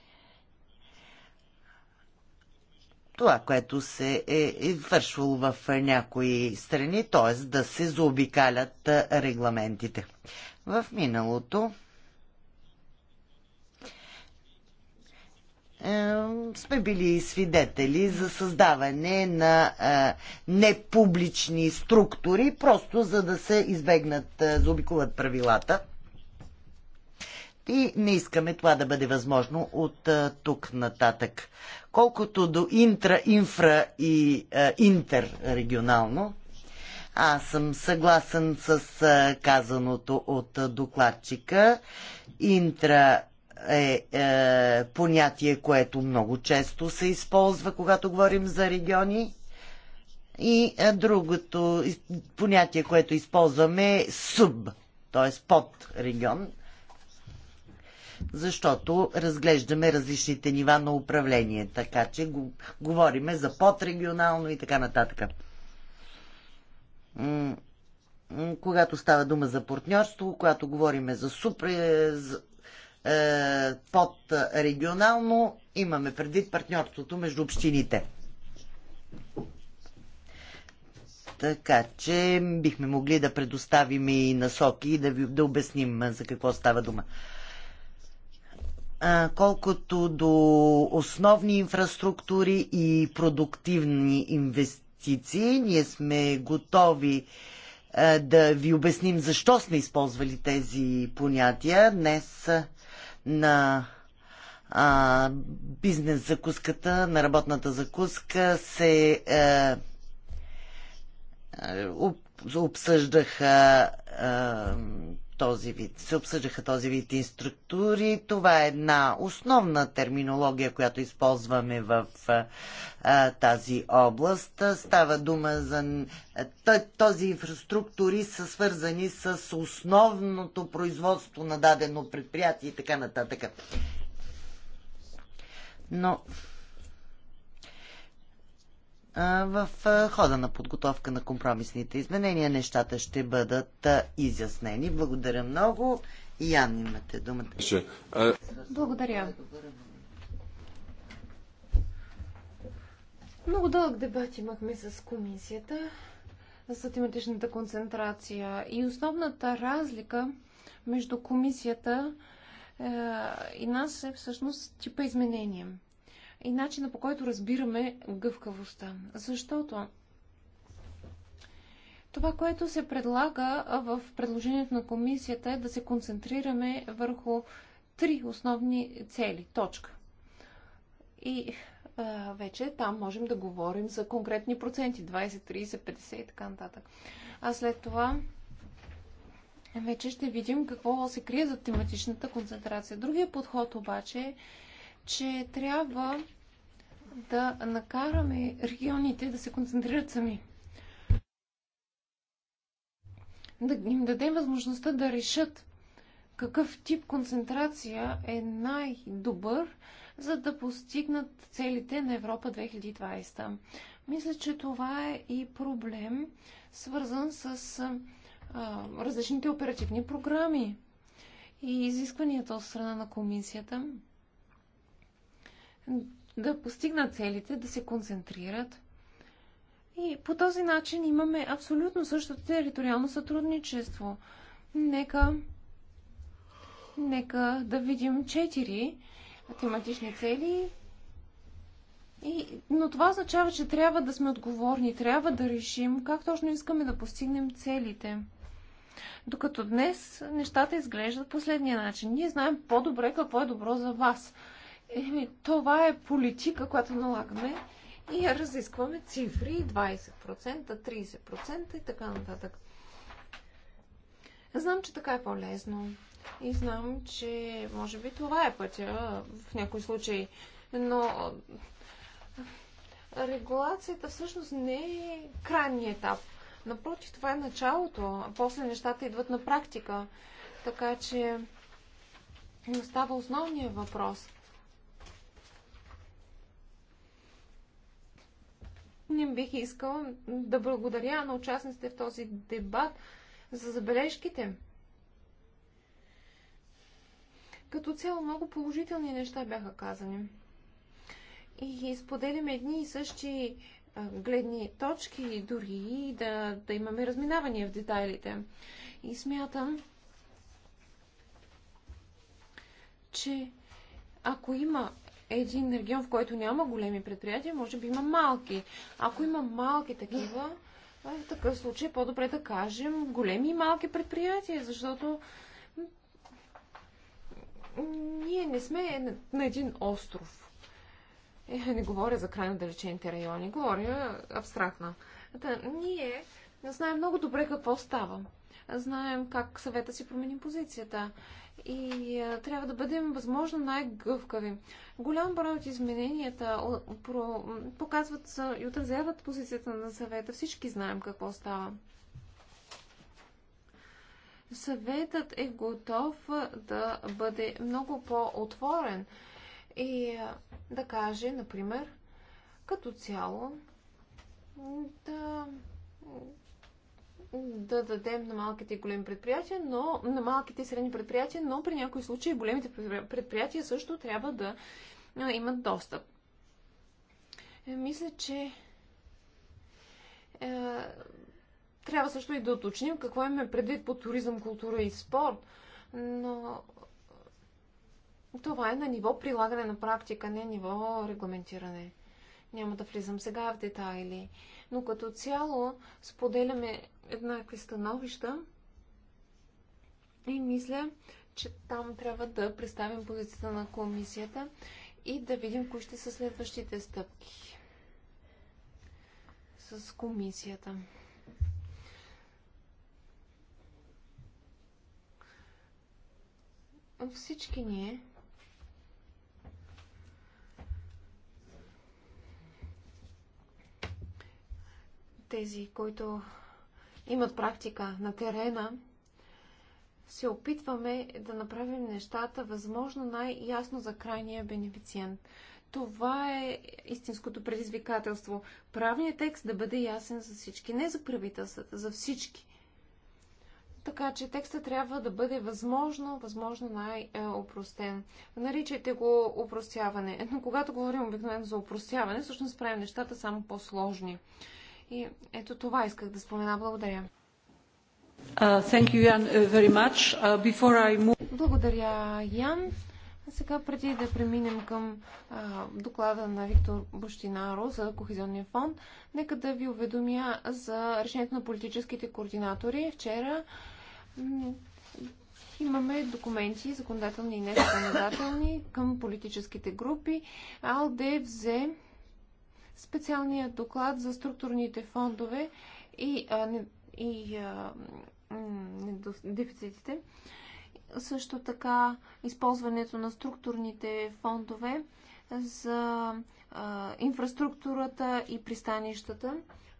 това, което се е, е вършвало в някои страни, т.е. да се заобикалят регламентите. В миналото е, сме били свидетели за създаване на е, непублични структури, просто за да се избегнат, заобикуват правилата. И не искаме това да бъде възможно от а, тук нататък. Колкото до интра, инфра и а, интеррегионално, аз съм съгласен с а, казаното от а, докладчика. Интра е, е понятие, което много често се използва, когато говорим за региони. И е, другото понятие, което използваме е суб, т.е. под регион защото разглеждаме различните нива на управление. Така че го, говориме за подрегионално и така нататък. Когато става дума за партньорство, когато говориме за супер е, подрегионално, имаме предвид партньорството между общините. Така че бихме могли да предоставим и насоки и да ви да обясним за какво става дума колкото до основни инфраструктури и продуктивни инвестиции. Ние сме готови да ви обясним защо сме използвали тези понятия. Днес на а, бизнес закуската, на работната закуска се обсъждаха този вид, се обсъждаха този вид инструктури. Това е една основна терминология, която използваме в а, тази област. Става дума за този инфраструктури са свързани с основното производство на дадено предприятие и така нататък. Но в хода на подготовка на компромисните изменения нещата ще бъдат изяснени. Благодаря много. Ян, имате думата. Благодаря. Много дълъг дебат имахме с комисията за тематичната концентрация и основната разлика между комисията е, и нас е всъщност типа изменения и начина по който разбираме гъвкавостта. Защото това, което се предлага в предложението на комисията е да се концентрираме върху три основни цели. Точка. И а, вече там можем да говорим за конкретни проценти 20, 30, 50 и така нататък. А след това вече ще видим какво се крие за тематичната концентрация. Другия подход обаче е че трябва да накараме регионите да се концентрират сами. Да им дадем възможността да решат какъв тип концентрация е най-добър, за да постигнат целите на Европа 2020. Мисля, че това е и проблем, свързан с а, различните оперативни програми и изискванията от страна на комисията да постигнат целите, да се концентрират. И по този начин имаме абсолютно същото териториално сътрудничество. Нека, нека да видим четири тематични цели. И, но това означава, че трябва да сме отговорни, трябва да решим как точно искаме да постигнем целите. Докато днес нещата изглеждат последния начин. Ние знаем по-добре какво е добро за вас. Еми, това е политика, която налагаме и я разискваме цифри 20%, 30% и така нататък. Знам, че така е по-лесно. И знам, че може би това е пътя в някои случаи. Но регулацията всъщност не е крайният етап. Напротив, това е началото. а После нещата идват на практика. Така че остава основния въпрос – Не бих искала да благодаря на участниците в този дебат за забележките. Като цяло много положителни неща бяха казани. И споделяме едни и същи гледни точки, дори да, да имаме разминавания в детайлите. И смятам, че ако има един регион, в който няма големи предприятия, може би има малки. Ако има малки такива, е, в такъв случай е по-добре да кажем големи и малки предприятия, защото ние не сме на един остров. Е, не говоря за крайно далечените райони, говоря абстрактно. Да, ние знаем много добре какво става. Знаем как съвета си промени позицията и а, трябва да бъдем възможно най-гъвкави. Голям брой от измененията про, показват и отразяват позицията на съвета. Всички знаем какво става. Съветът е готов да бъде много по-отворен и а, да каже, например, като цяло, да да дадем на малките и големи предприятия, но на малките и средни предприятия, но при някои случаи големите предприятия също трябва да имат достъп. Е, мисля, че е, трябва също и да уточним какво имаме предвид по туризъм, култура и спорт, но това е на ниво прилагане на практика, не ниво регламентиране. Няма да влизам сега в детайли. Е, но като цяло споделяме еднакви становища и мисля, че там трябва да представим позицията на комисията и да видим кои ще са следващите стъпки с комисията. Всички ние тези, които имат практика на терена, се опитваме да направим нещата възможно най-ясно за крайния бенефициент. Това е истинското предизвикателство. Правният текст да бъде ясен за всички, не за правителствата, за всички. Така че текста трябва да бъде възможно, възможно най-опростен. Наричайте го опростяване. Но когато говорим обикновено за опростяване, всъщност правим нещата само по-сложни. И ето това исках да спомена. Благодаря. Uh, uh, uh, Благодаря, Ян. сега, преди да преминем към а, доклада на Виктор Бощинаро за Кохезионния фонд, нека да ви уведомя за решението на политическите координатори. Вчера имаме документи, законодателни и незаконодателни, към политическите групи. АЛДЕ взе специалния доклад за структурните фондове и, а, и а, дефицитите. Също така използването на структурните фондове за а, инфраструктурата и пристанищата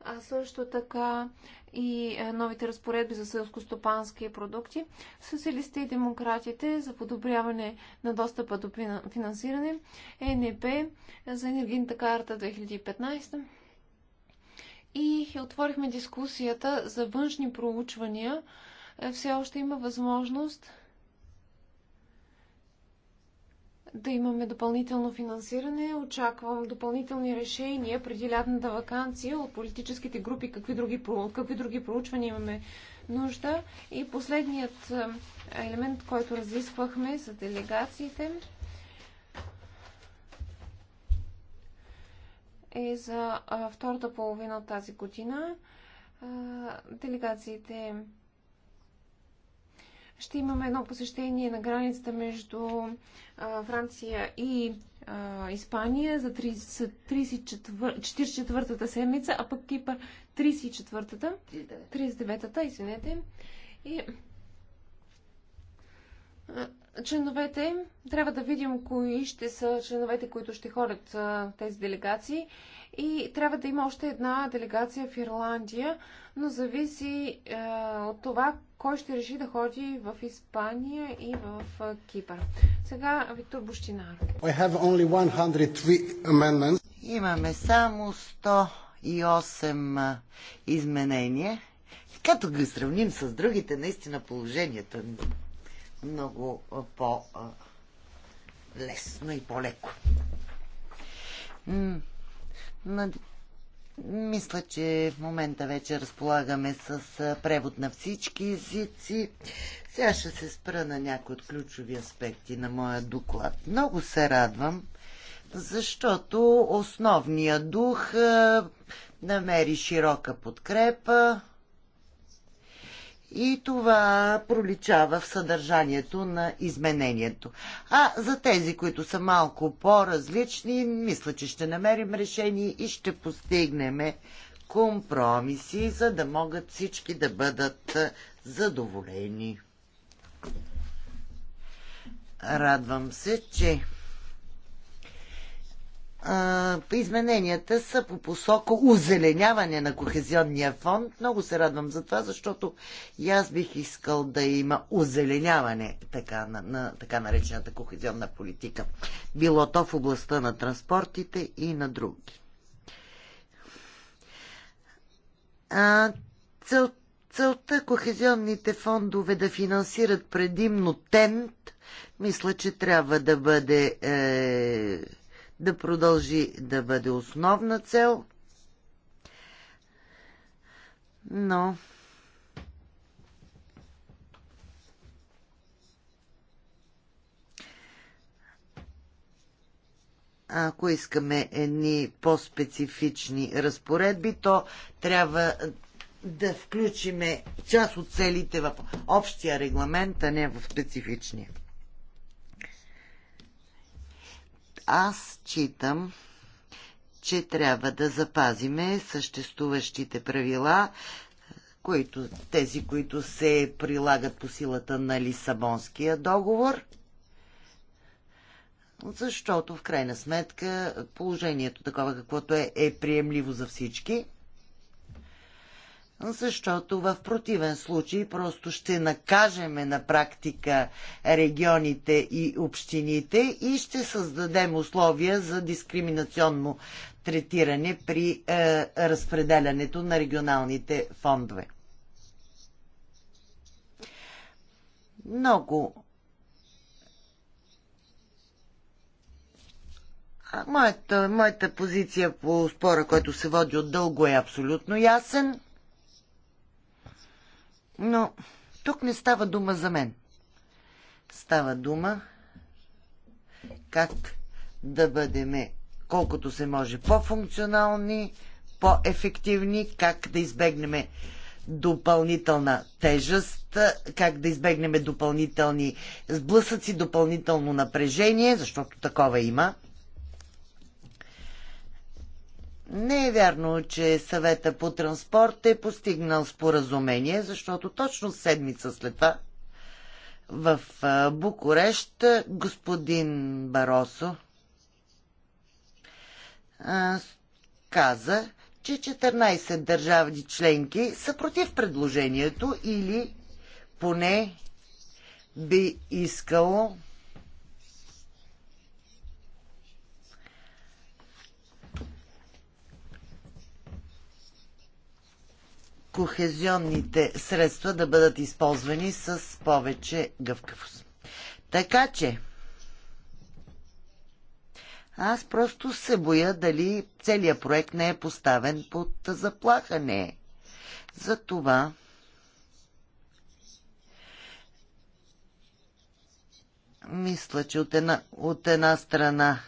а също така и е, новите разпоредби за селско-стопански продукти. Социалистите и демократите за подобряване на достъпа до финансиране, ЕНП за енергийната карта 2015 и отворихме дискусията за външни проучвания. Е, все още има възможност да имаме допълнително финансиране. Очаквам допълнителни решения преди лятната вакансия от политическите групи, какви други, какви други проучвания имаме нужда. И последният е, елемент, който разисквахме са делегациите, е за втората половина от тази година. Делегациите ще имаме едно посещение на границата между а, Франция и а, Испания за 44-та седмица, а пък Кипър 34-та, 39-та, извинете. И членовете, трябва да видим кои ще са членовете, които ще ходят тези делегации. И трябва да има още една делегация в Ирландия, но зависи е, от това кой ще реши да ходи в Испания и в Кипър. Сега Виктор Бущинар. Имаме само 108 изменения. Като ги сравним с другите, наистина положението е много по-лесно и по-леко. Мисля, че в момента вече разполагаме с превод на всички езици. Сега ще се спра на някои от ключови аспекти на моя доклад. Много се радвам, защото основният дух намери широка подкрепа и това проличава в съдържанието на изменението. А за тези, които са малко по-различни, мисля, че ще намерим решение и ще постигнем компромиси, за да могат всички да бъдат задоволени. Радвам се, че измененията са по посока озеленяване на кохезионния фонд. Много се радвам за това, защото и аз бих искал да има озеленяване така, на, на така наречената кохезионна политика. Било то в областта на транспортите и на други. А, цел, целта кохезионните фондове да финансират предимно тент, мисля, че трябва да бъде е, да продължи да бъде основна цел, но ако искаме едни по-специфични разпоредби, то трябва да включиме част от целите в общия регламент, а не в специфичния. Аз читам, че трябва да запазиме съществуващите правила, които, тези, които се прилагат по силата на Лисабонския договор, защото в крайна сметка положението такова каквото е, е приемливо за всички – защото в противен случай просто ще накажеме на практика регионите и общините и ще създадем условия за дискриминационно третиране при е, разпределянето на регионалните фондове. Много. Моята, моята позиция по спора, който се води от дълго е абсолютно ясен но тук не става дума за мен. Става дума как да бъдем колкото се може по-функционални, по-ефективни, как да избегнем допълнителна тежест, как да избегнем допълнителни сблъсъци, допълнително напрежение, защото такова има. Не е вярно, че съвета по транспорт е постигнал споразумение, защото точно седмица след това в Букурещ господин Баросо каза, че 14 държавни членки са против предложението или поне би искало кохезионните средства да бъдат използвани с повече гъвкавост. Така че, аз просто се боя дали целият проект не е поставен под заплаха. Не е. Затова мисля, че от една, от една страна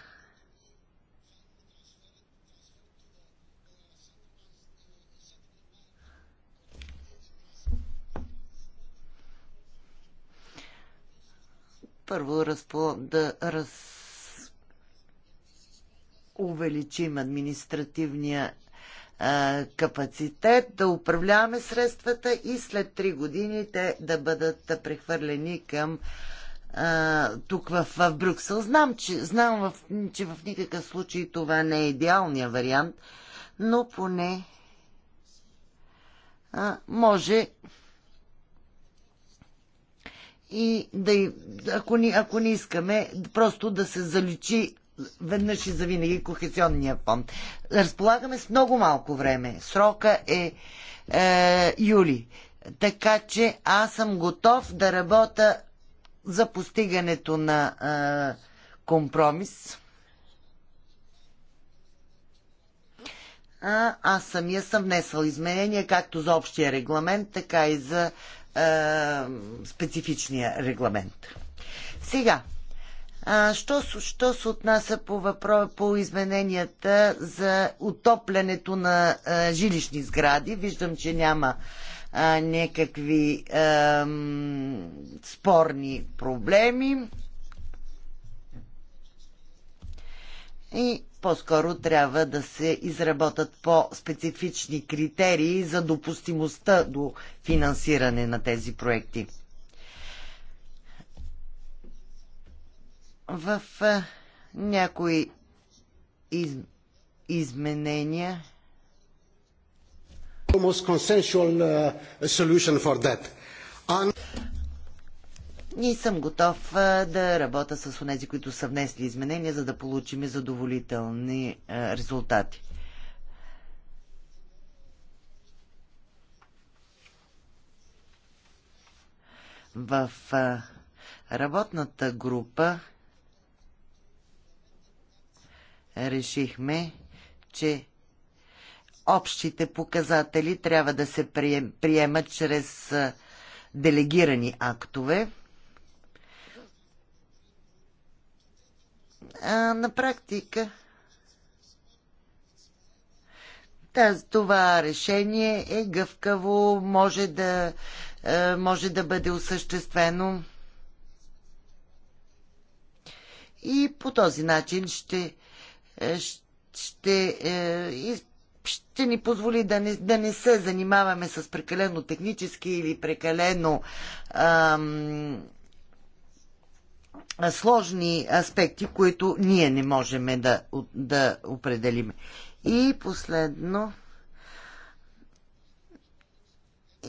първо разпо, да раз... увеличим административния а, капацитет, да управляваме средствата и след 3 години те да бъдат прехвърлени към а, тук в, в Брюксел. Знам, че, знам в, че в никакъв случай това не е идеалният вариант, но поне а, може и да, ако, ни, ако не искаме, просто да се заличи веднъж и завинаги кохезионния фонд. Разполагаме с много малко време. Срока е, е юли. Така че аз съм готов да работя за постигането на е, компромис. А, аз самия съм внесъл изменения както за общия регламент, така и за е, специфичния регламент. Сега, а, що, що се отнася по, въпро, по измененията за отоплянето на а, е, жилищни сгради? Виждам, че няма а, някакви а, спорни проблеми. И по-скоро трябва да се изработат по-специфични критерии за допустимостта до финансиране на тези проекти. В някои из, изменения almost consensual uh, solution for that и съм готов да работя с онези, които са внесли изменения, за да получим задоволителни резултати. В работната група решихме, че общите показатели трябва да се приемат чрез делегирани актове. а, на практика Таз, това решение е гъвкаво, може да, а, може да бъде осъществено. И по този начин ще, ще, ще ни позволи да не, да не се занимаваме с прекалено технически или прекалено ам, сложни аспекти, които ние не можем да, да определим. И последно,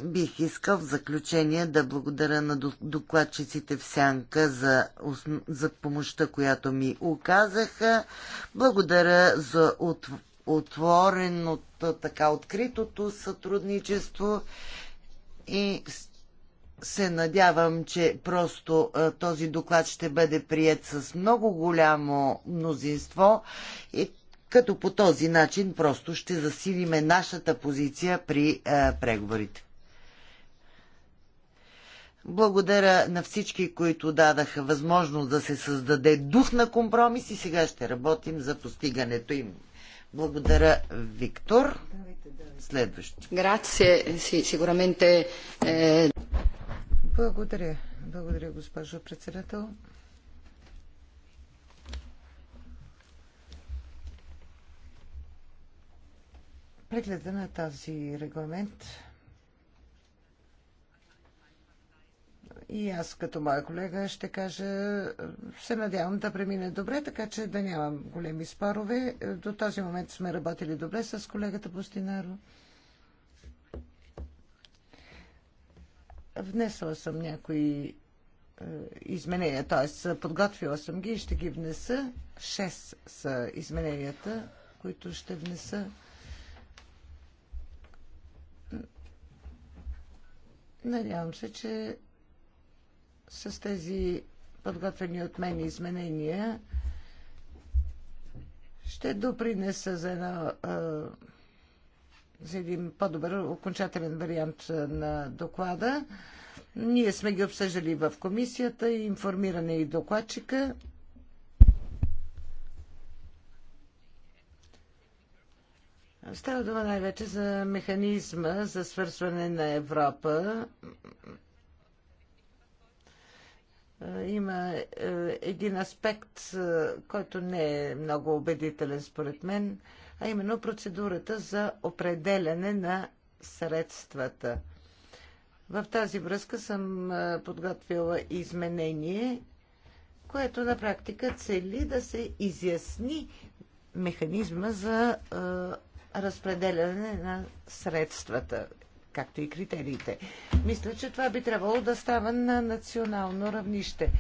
бих искал в заключение да благодаря на докладчиците в Сянка за, за помощта, която ми оказаха. Благодаря за от, отвореното, така откритото сътрудничество и се надявам, че просто този доклад ще бъде прият с много голямо мнозинство и като по този начин просто ще засилиме нашата позиция при преговорите. Благодаря на всички, които дадаха възможност да се създаде дух на компромис и сега ще работим за постигането им. Благодаря, Виктор. Следващо. Grazie, благодаря. Благодаря, госпожо председател. Прегледа на тази регламент и аз като моя колега ще кажа, се надявам да премине добре, така че да нямам големи спорове. До този момент сме работили добре с колегата Бустинаро. Внесла съм някои е, изменения, т.е. подготвила съм ги и ще ги внеса. Шест са измененията, които ще внеса. Надявам се, че с тези подготвени от мен изменения ще допринеса за едно е, за един по-добър окончателен вариант на доклада. Ние сме ги обсъждали в комисията, и информиране и докладчика. Става дума най-вече за механизма за свързване на Европа. Има един аспект, който не е много убедителен според мен – а именно процедурата за определяне на средствата. В тази връзка съм подготвила изменение, което на практика цели да се изясни механизма за разпределяне на средствата, както и критериите. Мисля, че това би трябвало да става на национално равнище.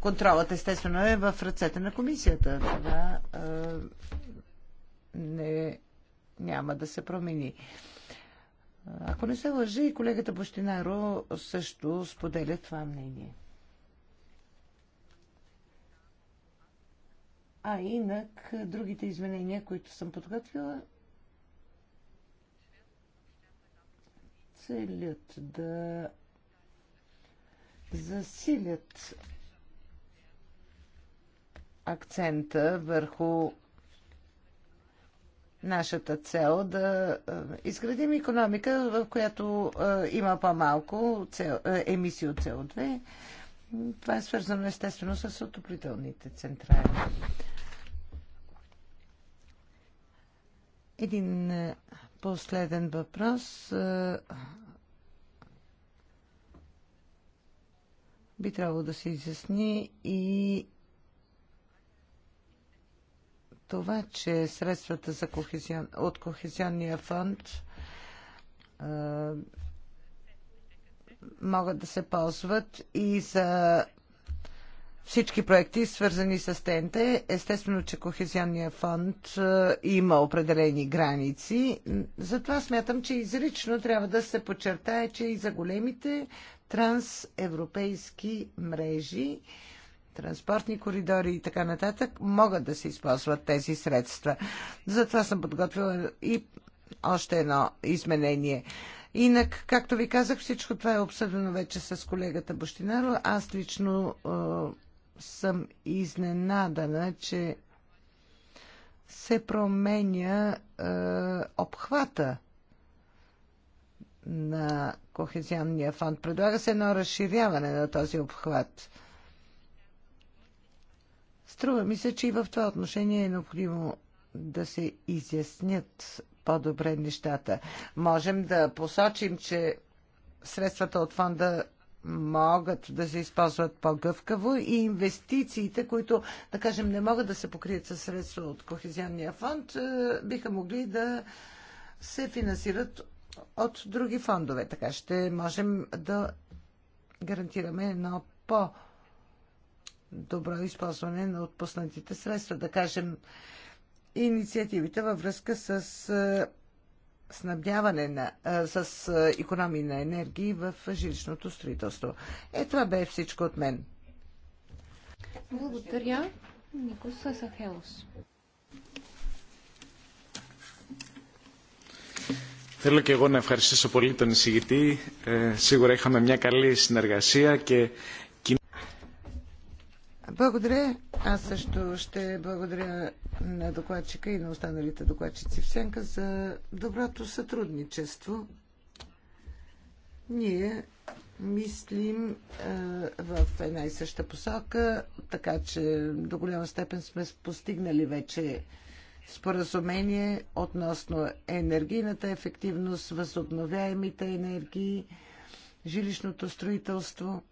Контролът, естествено, е в ръцете на комисията. Това не, няма да се промени. Ако не се лъжи, и колегата Бощинаро също споделя това мнение. А инак, другите изменения, които съм подготвила, целят да засилят акцента върху нашата цел да изградим економика, в която има по-малко емисии от СО2. Това е свързано естествено с отоплителните централи. Един последен въпрос. Би трябвало да се изясни и това, че средствата за кохезион, от Кохезионния фонд а, могат да се ползват и за всички проекти, свързани с ТНТ. Естествено, че Кохезионния фонд има определени граници. Затова смятам, че изрично трябва да се подчертае, че и за големите трансевропейски мрежи транспортни коридори и така нататък, могат да се използват тези средства. Затова съм подготвила и още едно изменение. Инак, както ви казах, всичко това е обсъдено вече с колегата Бощинаро. Аз лично е, съм изненадана, че се променя е, обхвата на Кохезионния фонд. Предлага се едно разширяване на този обхват. Е, Струва ми се, че и в това отношение е необходимо да се изяснят по-добре нещата. Можем да посочим, че средствата от фонда могат да се използват по-гъвкаво и инвестициите, които, да кажем, не могат да се покрият със средства от Кохезионния фонд, е, биха могли да се финансират от други фондове. Така ще можем да гарантираме едно по- добро използване на отпуснатите средства. Да кажем, инициативите във връзка с снабдяване на, а, с економии на енергии в жилищното строителство. Е, това бе всичко от мен. Благодаря. Никос Сахелос. Θέλω και εγώ να ευχαριστήσω πολύ τον εισηγητή. Ε, σίγουρα είχαμε μια καλή συνεργασία και благодаря. Аз също ще благодаря на докладчика и на останалите докладчици в Сенка за доброто сътрудничество. Ние мислим в една и съща посока, така че до голяма степен сме постигнали вече споразумение относно енергийната ефективност, възобновяемите енергии, жилищното строителство.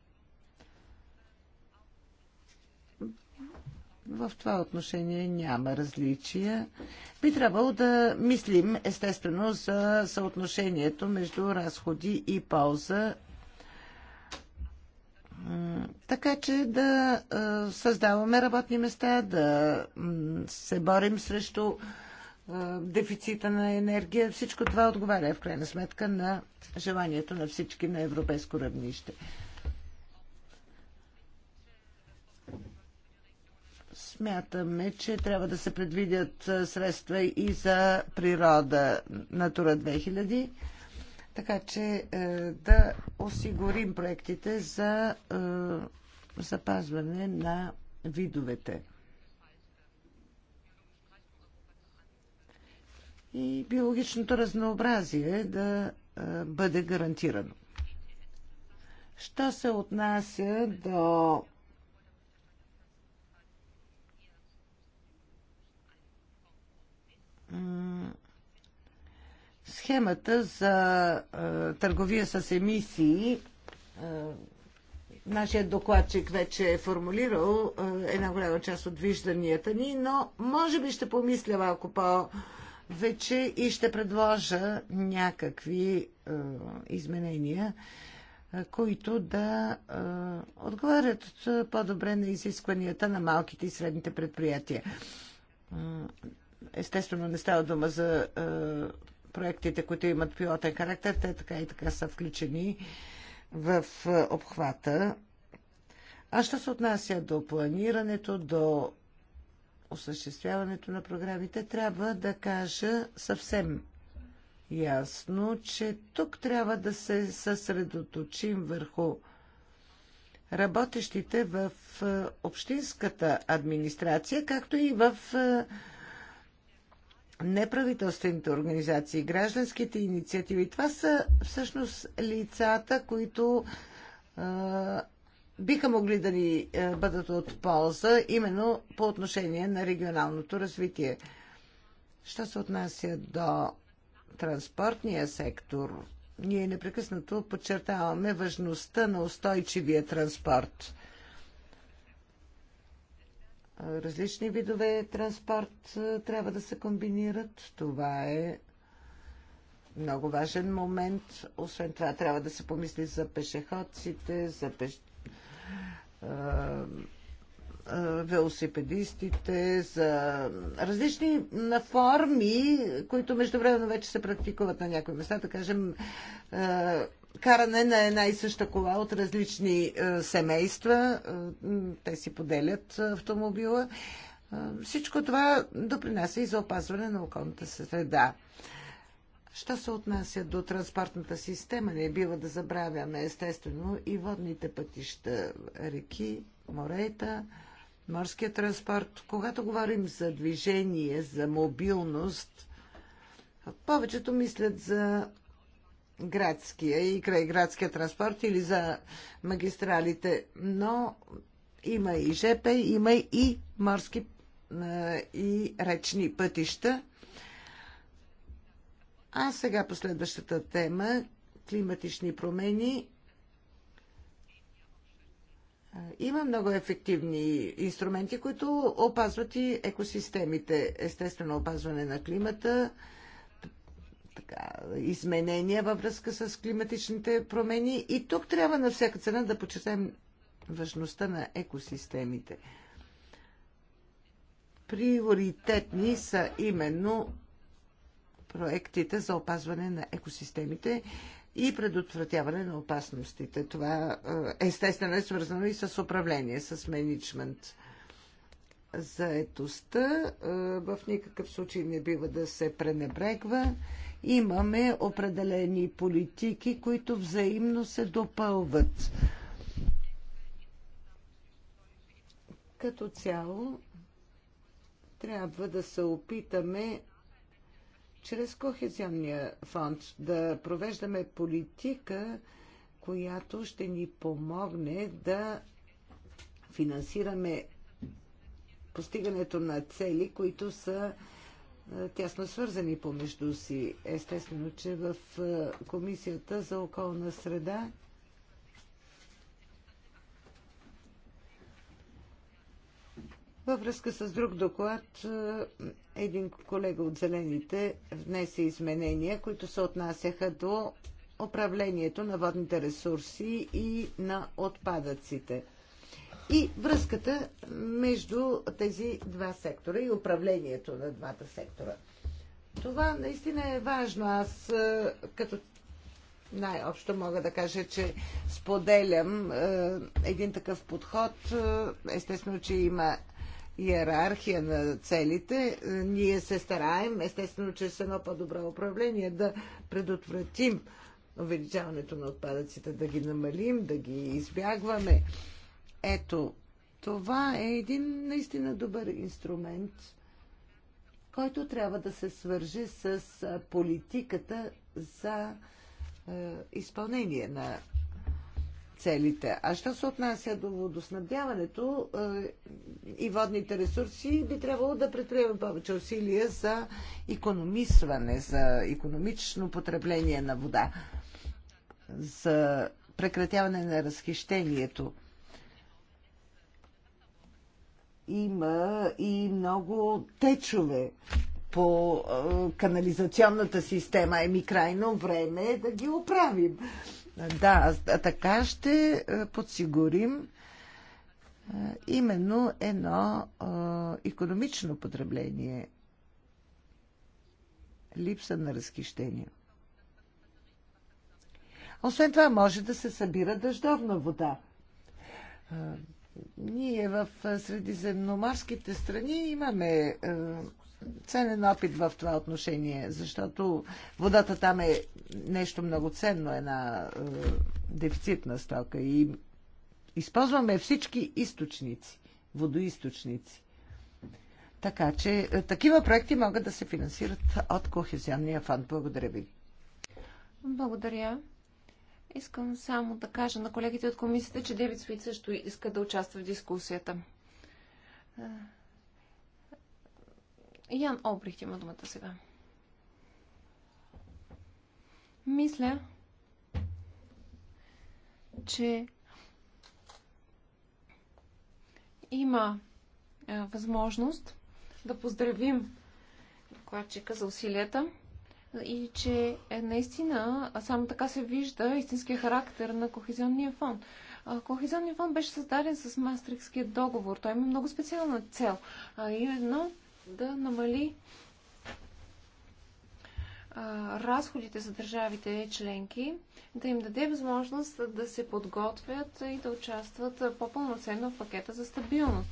В това отношение няма различия. Би трябвало да мислим естествено за съотношението между разходи и полза. Така че да създаваме работни места, да се борим срещу дефицита на енергия. Всичко това отговаря в крайна сметка на желанието на всички на европейско равнище. Смятаме, че трябва да се предвидят средства и за природа Натура 2000, така че е, да осигурим проектите за е, запазване на видовете. И биологичното разнообразие да е, бъде гарантирано. Що се отнася до схемата за а, търговия с емисии. А, нашия докладчик вече е формулирал а, една голяма част от вижданията ни, но може би ще помисля малко по- вече и ще предложа някакви а, изменения, а, които да а, отговарят по-добре на изискванията на малките и средните предприятия Естествено не става дума за е, проектите, които имат пилотен характер. Те така и така са включени в е, обхвата. А що се отнася до планирането, до осъществяването на програмите, трябва да кажа съвсем ясно, че тук трябва да се съсредоточим върху работещите в е, общинската администрация, както и в неправителствените организации, гражданските инициативи. Това са всъщност лицата, които е, биха могли да ни е, бъдат от полза именно по отношение на регионалното развитие. Що се отнася до транспортния сектор, ние непрекъснато подчертаваме важността на устойчивия транспорт – различни видове транспорт трябва да се комбинират. Това е много важен момент. Освен това, трябва да се помисли за пешеходците, за пеш... велосипедистите, за различни форми, които междувременно вече се практикуват на някои места, да кажем каране на една и съща кола от различни е, семейства. Е, те си поделят е, автомобила. Всичко това допринася и за опазване на околната среда. Що се отнася до транспортната система, не бива да забравяме естествено и водните пътища, реки, морета, морския транспорт. Когато говорим за движение, за мобилност, повечето мислят за градския и крайградския транспорт или за магистралите, но има и ЖП, има и морски и речни пътища. А сега последващата тема климатични промени. Има много ефективни инструменти, които опазват и екосистемите. Естествено, опазване на климата, така, изменения във връзка с климатичните промени. И тук трябва на всяка цена да почетем важността на екосистемите. Приоритетни са именно проектите за опазване на екосистемите и предотвратяване на опасностите. Това е, естествено е свързано и с управление, с менеджмент. Заетостта е, в никакъв случай не бива да се пренебрегва имаме определени политики, които взаимно се допълват. Като цяло трябва да се опитаме чрез Кохезионния фонд да провеждаме политика, която ще ни помогне да финансираме постигането на цели, които са тясно свързани помежду си. Естествено, че в Комисията за околна среда Във връзка с друг доклад, един колега от Зелените внесе изменения, които се отнасяха до управлението на водните ресурси и на отпадъците – и връзката между тези два сектора и управлението на двата сектора. Това наистина е важно. Аз е, като най-общо мога да кажа, че споделям е, един такъв подход. Е, естествено, че има иерархия на целите. Ние се стараем, естествено, че с едно по-добро управление да предотвратим увеличаването на отпадъците, да ги намалим, да ги избягваме. Ето, това е един наистина добър инструмент, който трябва да се свържи с политиката за е, изпълнение на целите. А що се отнася до водоснабдяването е, и водните ресурси, би трябвало да предприемем повече усилия за економисване, за економично потребление на вода, за прекратяване на разхищението има и много течове по канализационната система. Еми крайно време е да ги оправим. Да, така ще подсигурим именно едно економично потребление. Липса на разхищение. Освен това, може да се събира дъждовна вода. Ние в средиземноморските страни имаме ценен опит в това отношение, защото водата там е нещо много ценно, една дефицитна стока и използваме всички източници, водоисточници. Така че такива проекти могат да се финансират от Кохезионния фонд. Благодаря ви. Благодаря. Искам само да кажа на колегите от комисията, че Девид Свит също иска да участва в дискусията. Ян Обрихт има думата сега. Мисля, че има възможност да поздравим докладчика за усилията и че е, наистина само така се вижда истинския характер на Кохезионния фонд. Кохезионния фонд беше създаден с Мастрикския договор. Той има много специална цел, а именно да намали разходите за държавите членки, да им даде възможност да се подготвят и да участват по-пълноценно в пакета за стабилност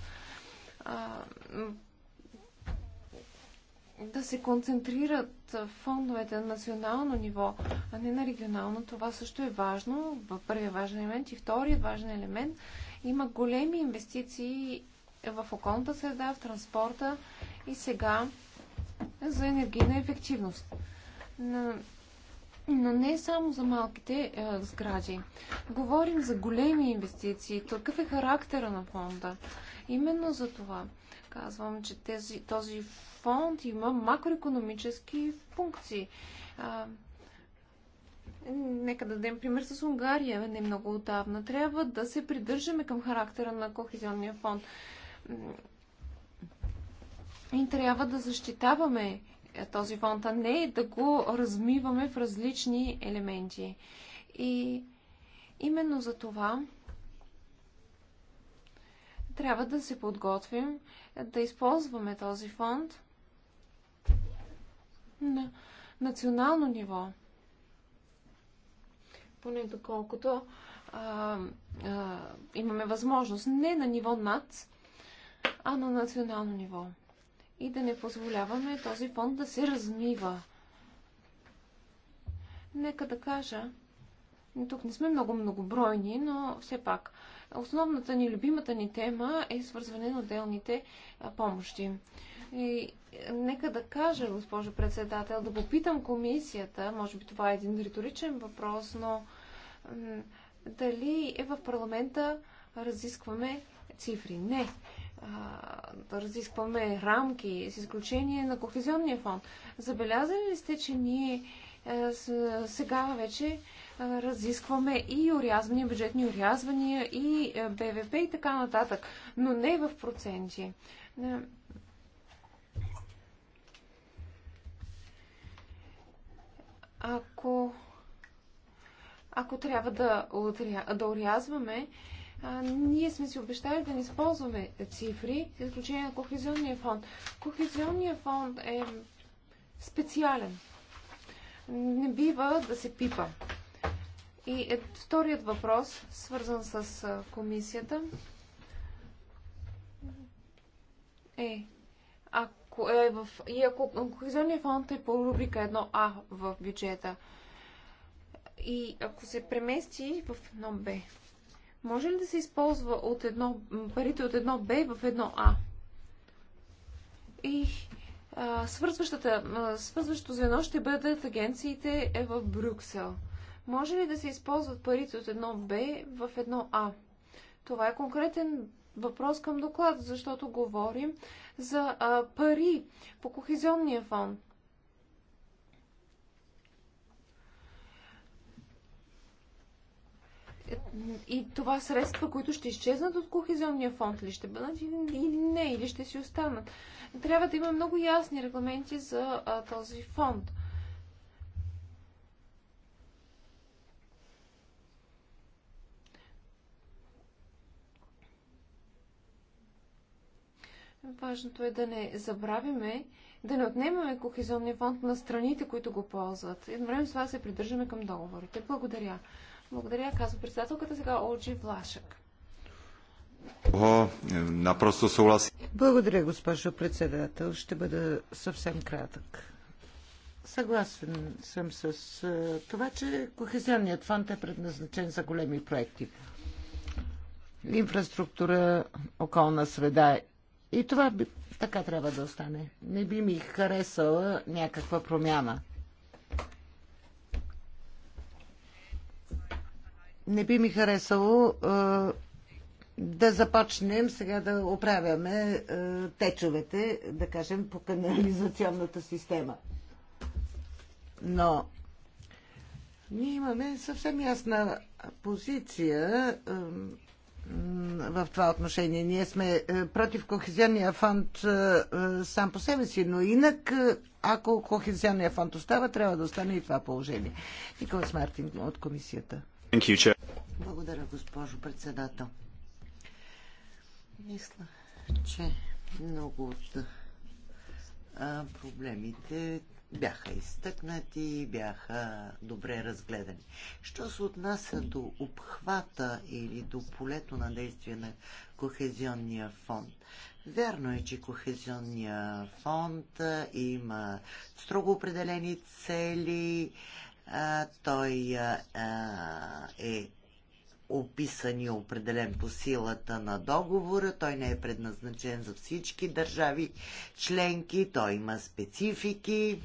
да се концентрират фондовете на национално ниво, а не на регионално. Това също е важно. Първият важен елемент и вторият важен елемент. Има големи инвестиции в околната среда, в транспорта и сега за енергийна ефективност. Но не само за малките е, сгради. Говорим за големи инвестиции. Какъв е характера на фонда. Именно за това казвам, че тези, този фонд има макроекономически функции. А, нека да дадем пример с Унгария, не много отдавна. Трябва да се придържаме към характера на Кохезионния фонд. И трябва да защитаваме този фонд, а не да го размиваме в различни елементи. И именно за това трябва да се подготвим да използваме този фонд на национално ниво. Поне доколкото а, а, имаме възможност не на ниво над, а на национално ниво. И да не позволяваме този фонд да се размива. Нека да кажа, тук не сме много многобройни, но все пак Основната ни, любимата ни тема е свързване на отделните помощи. И, е, нека да кажа, госпожо председател, да попитам комисията, може би това е един риторичен въпрос, но дали е в парламента разискваме цифри? Не. да разискваме рамки, с изключение на Кохезионния фонд. Забелязали ли сте, че ние е, сега вече разискваме и урязвания, бюджетни урязвания, и БВП и така нататък, но не в проценти. Ако, ако трябва да, да урязваме, а, ние сме си обещали да не използваме цифри, с изключение на Кохезионния фонд. Кохезионния фонд е специален. Не бива да се пипа. И е, вторият въпрос, свързан с комисията, е, ако, е в, и ако Кохезионния фонд е по рубрика 1А в бюджета и ако се премести в 1Б, може ли да се използва от едно, парите от 1Б в 1А? И а, свързващото звено ще бъдат агенциите е, в Брюксел. Може ли да се използват парите от едно б в едно а Това е конкретен въпрос към доклад, защото говорим за а, пари по кохезионния фонд. И това средства, които ще изчезнат от кохезионния фонд, ли ще бъдат или не, или ще си останат. Трябва да има много ясни регламенти за а, този фонд. Важното е да не забравяме, да не отнемаме кохезионния фонд на страните, които го ползват. Едновременно с това се придържаме към договорите. Благодаря. Благодаря, казва председателката сега Олджи Влашък. Напросто съгласен. Благодаря, госпожо председател. Ще бъда съвсем кратък. Съгласен съм с това, че Кохезионният фонд е предназначен за големи проекти. Инфраструктура, околна среда и това би, така трябва да остане. Не би ми харесала някаква промяна. Не би ми харесало е, да започнем сега да оправяме е, течовете, да кажем, по канализационната система. Но ние имаме съвсем ясна позиция. Е, в това отношение. Ние сме е, против Кохезионния фонд е, е, сам по себе си, но инак, ако Кохезионния фонд остава, трябва да остане и това положение. Николас Мартин от комисията. Благодаря, госпожо председател. Мисля, че много от проблемите бяха изтъкнати, бяха добре разгледани. Що се отнася до обхвата или до полето на действие на Кохезионния фонд? Вярно е, че Кохезионния фонд има строго определени цели, той е описан и определен по силата на договора. Той не е предназначен за всички държави членки, той има специфики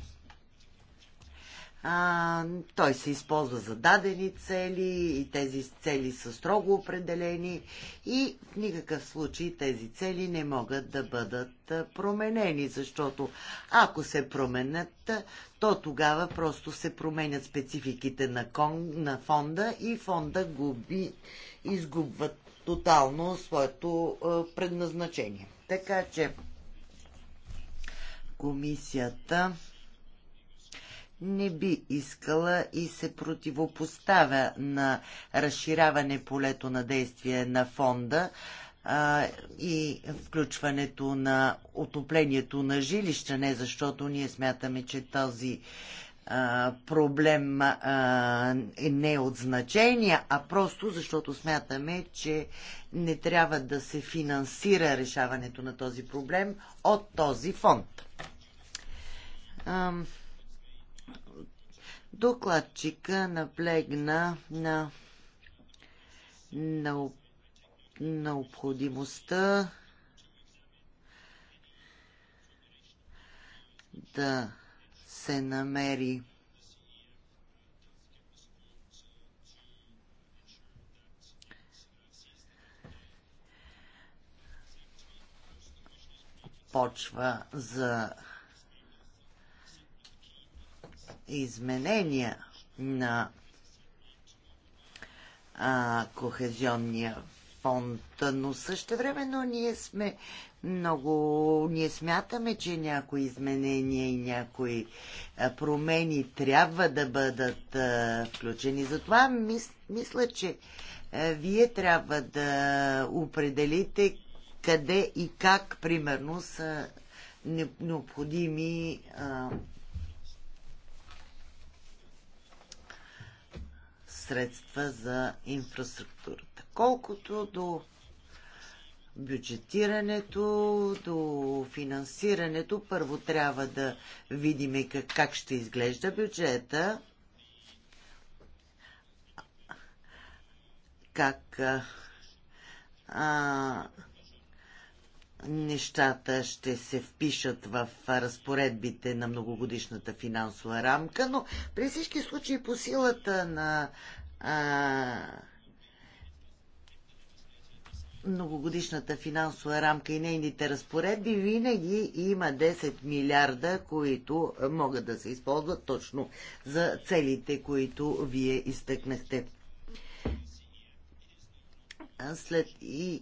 а, той се използва за дадени цели и тези цели са строго определени и в никакъв случай тези цели не могат да бъдат променени, защото ако се променят, то тогава просто се променят спецификите на, кон, на фонда и фонда губи, изгубват тотално своето предназначение. Така че комисията не би искала и се противопоставя на разширяване полето на действие на фонда а, и включването на отоплението на жилища, не защото ние смятаме, че този а, проблем а, не е от значение, а просто защото смятаме, че не трябва да се финансира решаването на този проблем от този фонд. Докладчика наблегна на, на необходимостта да се намери почва за изменения на а, кохезионния фонд, но също времено ние сме много, ние смятаме, че някои изменения и някои промени трябва да бъдат включени. Затова мис, мисля, че вие трябва да определите къде и как, примерно, са необходими средства за инфраструктурата. Колкото до бюджетирането, до финансирането, първо трябва да видим как, как ще изглежда бюджета, как а, нещата ще се впишат в разпоредбите на многогодишната финансова рамка, но при всички случаи по силата на а, многогодишната финансова рамка и нейните разпоредби винаги има 10 милиарда, които могат да се използват точно за целите, които вие изтъкнахте. След и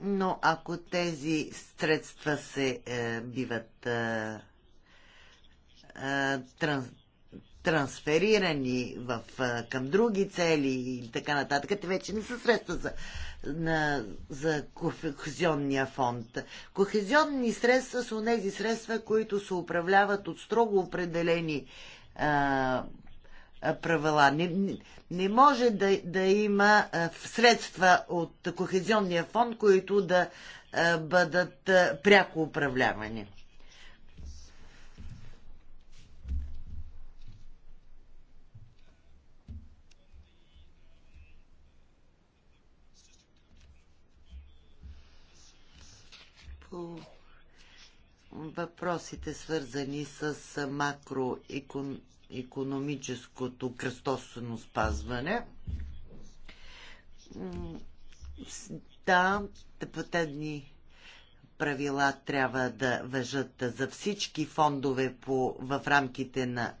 но ако тези средства се е, биват е, е, транс, трансферирани в, е, към други цели и така нататък, те вече не са средства за, на, за кохезионния фонд. Кохезионни средства са тези средства, които се управляват от строго определени е, правила. Не, не може да, да има средства от Кохезионния фонд, които да бъдат пряко управлявани. По въпросите свързани с макроекономическите економическото кръстосано спазване. Да, тъпътедни правила трябва да въжат за всички фондове по, в рамките на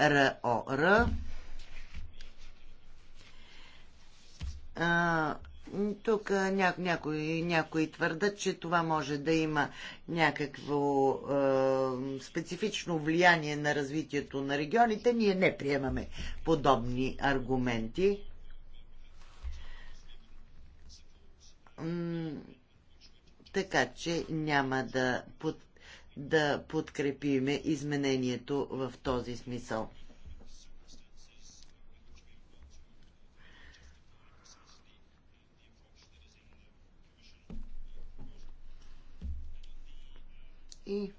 РОР. А, тук ня, някои, някои твърдат, че това може да има някакво е, специфично влияние на развитието на регионите. Ние не приемаме подобни аргументи. така че няма да, под, да подкрепиме изменението в този смисъл. и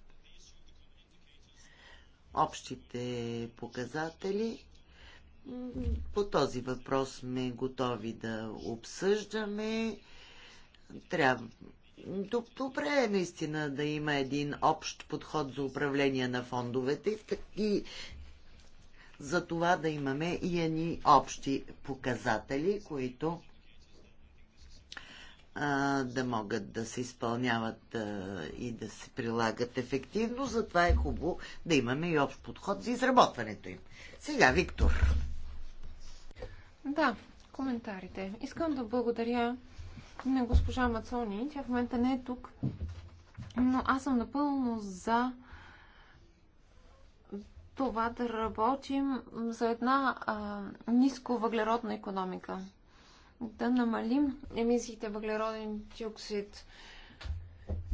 общите показатели. По този въпрос сме готови да обсъждаме. Трябва. Добре е наистина да има един общ подход за управление на фондовете и за това да имаме и едни общи показатели, които да могат да се изпълняват и да се прилагат ефективно. Затова е хубаво да имаме и общ подход за изработването им. Сега, Виктор. Да, коментарите. Искам да благодаря на госпожа Мацони. Тя в момента не е тук, но аз съм напълно за това да работим за една а, ниско въглеродна економика да намалим емисиите въглероден диоксид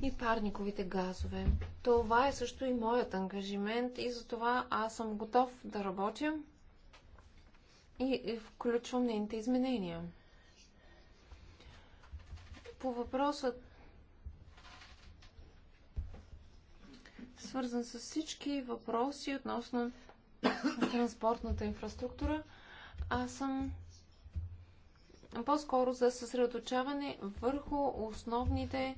и парниковите газове. Това е също и моят ангажимент и за това аз съм готов да работя и включвам нейните изменения. По въпросът свързан с всички въпроси относно [COUGHS] транспортната инфраструктура, аз съм по-скоро за съсредоточаване върху основните е,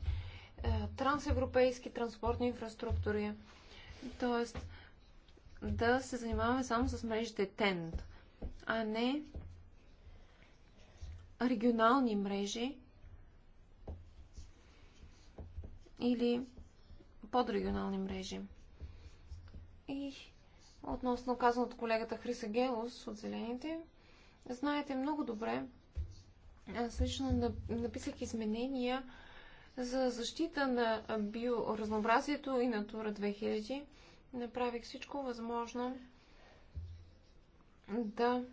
трансевропейски транспортни инфраструктури. Тоест, да се занимаваме само с мрежите ТЕНТ, а не регионални мрежи или подрегионални мрежи. И относно казано от колегата Хриса Гелос от Зелените, знаете много добре, аз лично написах изменения за защита на биоразнообразието и Натура 2000. Направих всичко възможно да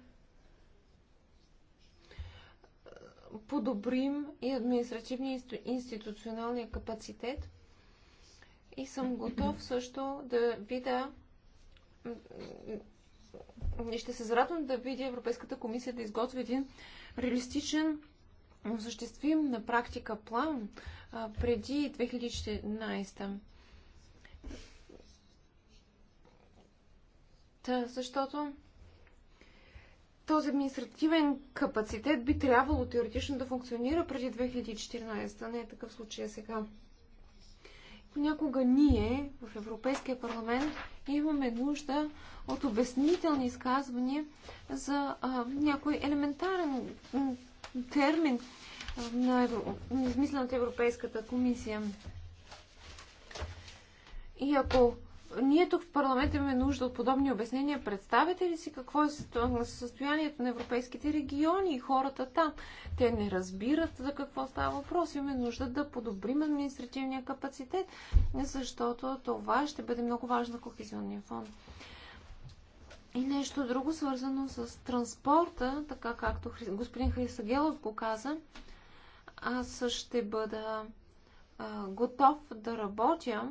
подобрим и административния институционалния капацитет. И съм готов също да видя и ще се зарадвам да видя Европейската комисия да изготви един реалистичен, осъществим на практика план а, преди 2014. Та, защото този административен капацитет би трябвало теоретично да функционира преди 2014, не е такъв случай сега понякога ние в Европейския парламент имаме нужда от обяснителни изказвания за а, някой елементарен термин на измислената от Европейската комисия. И ако ние тук в парламента имаме нужда от подобни обяснения. Представете ли си какво е състоянието на европейските региони и хората там? Те не разбират за какво става въпрос. Имаме нужда да подобрим административния капацитет, защото това ще бъде много важно кохезионния фонд. И нещо друго, свързано с транспорта, така както господин Хрисагелов го каза, аз ще бъда готов да работя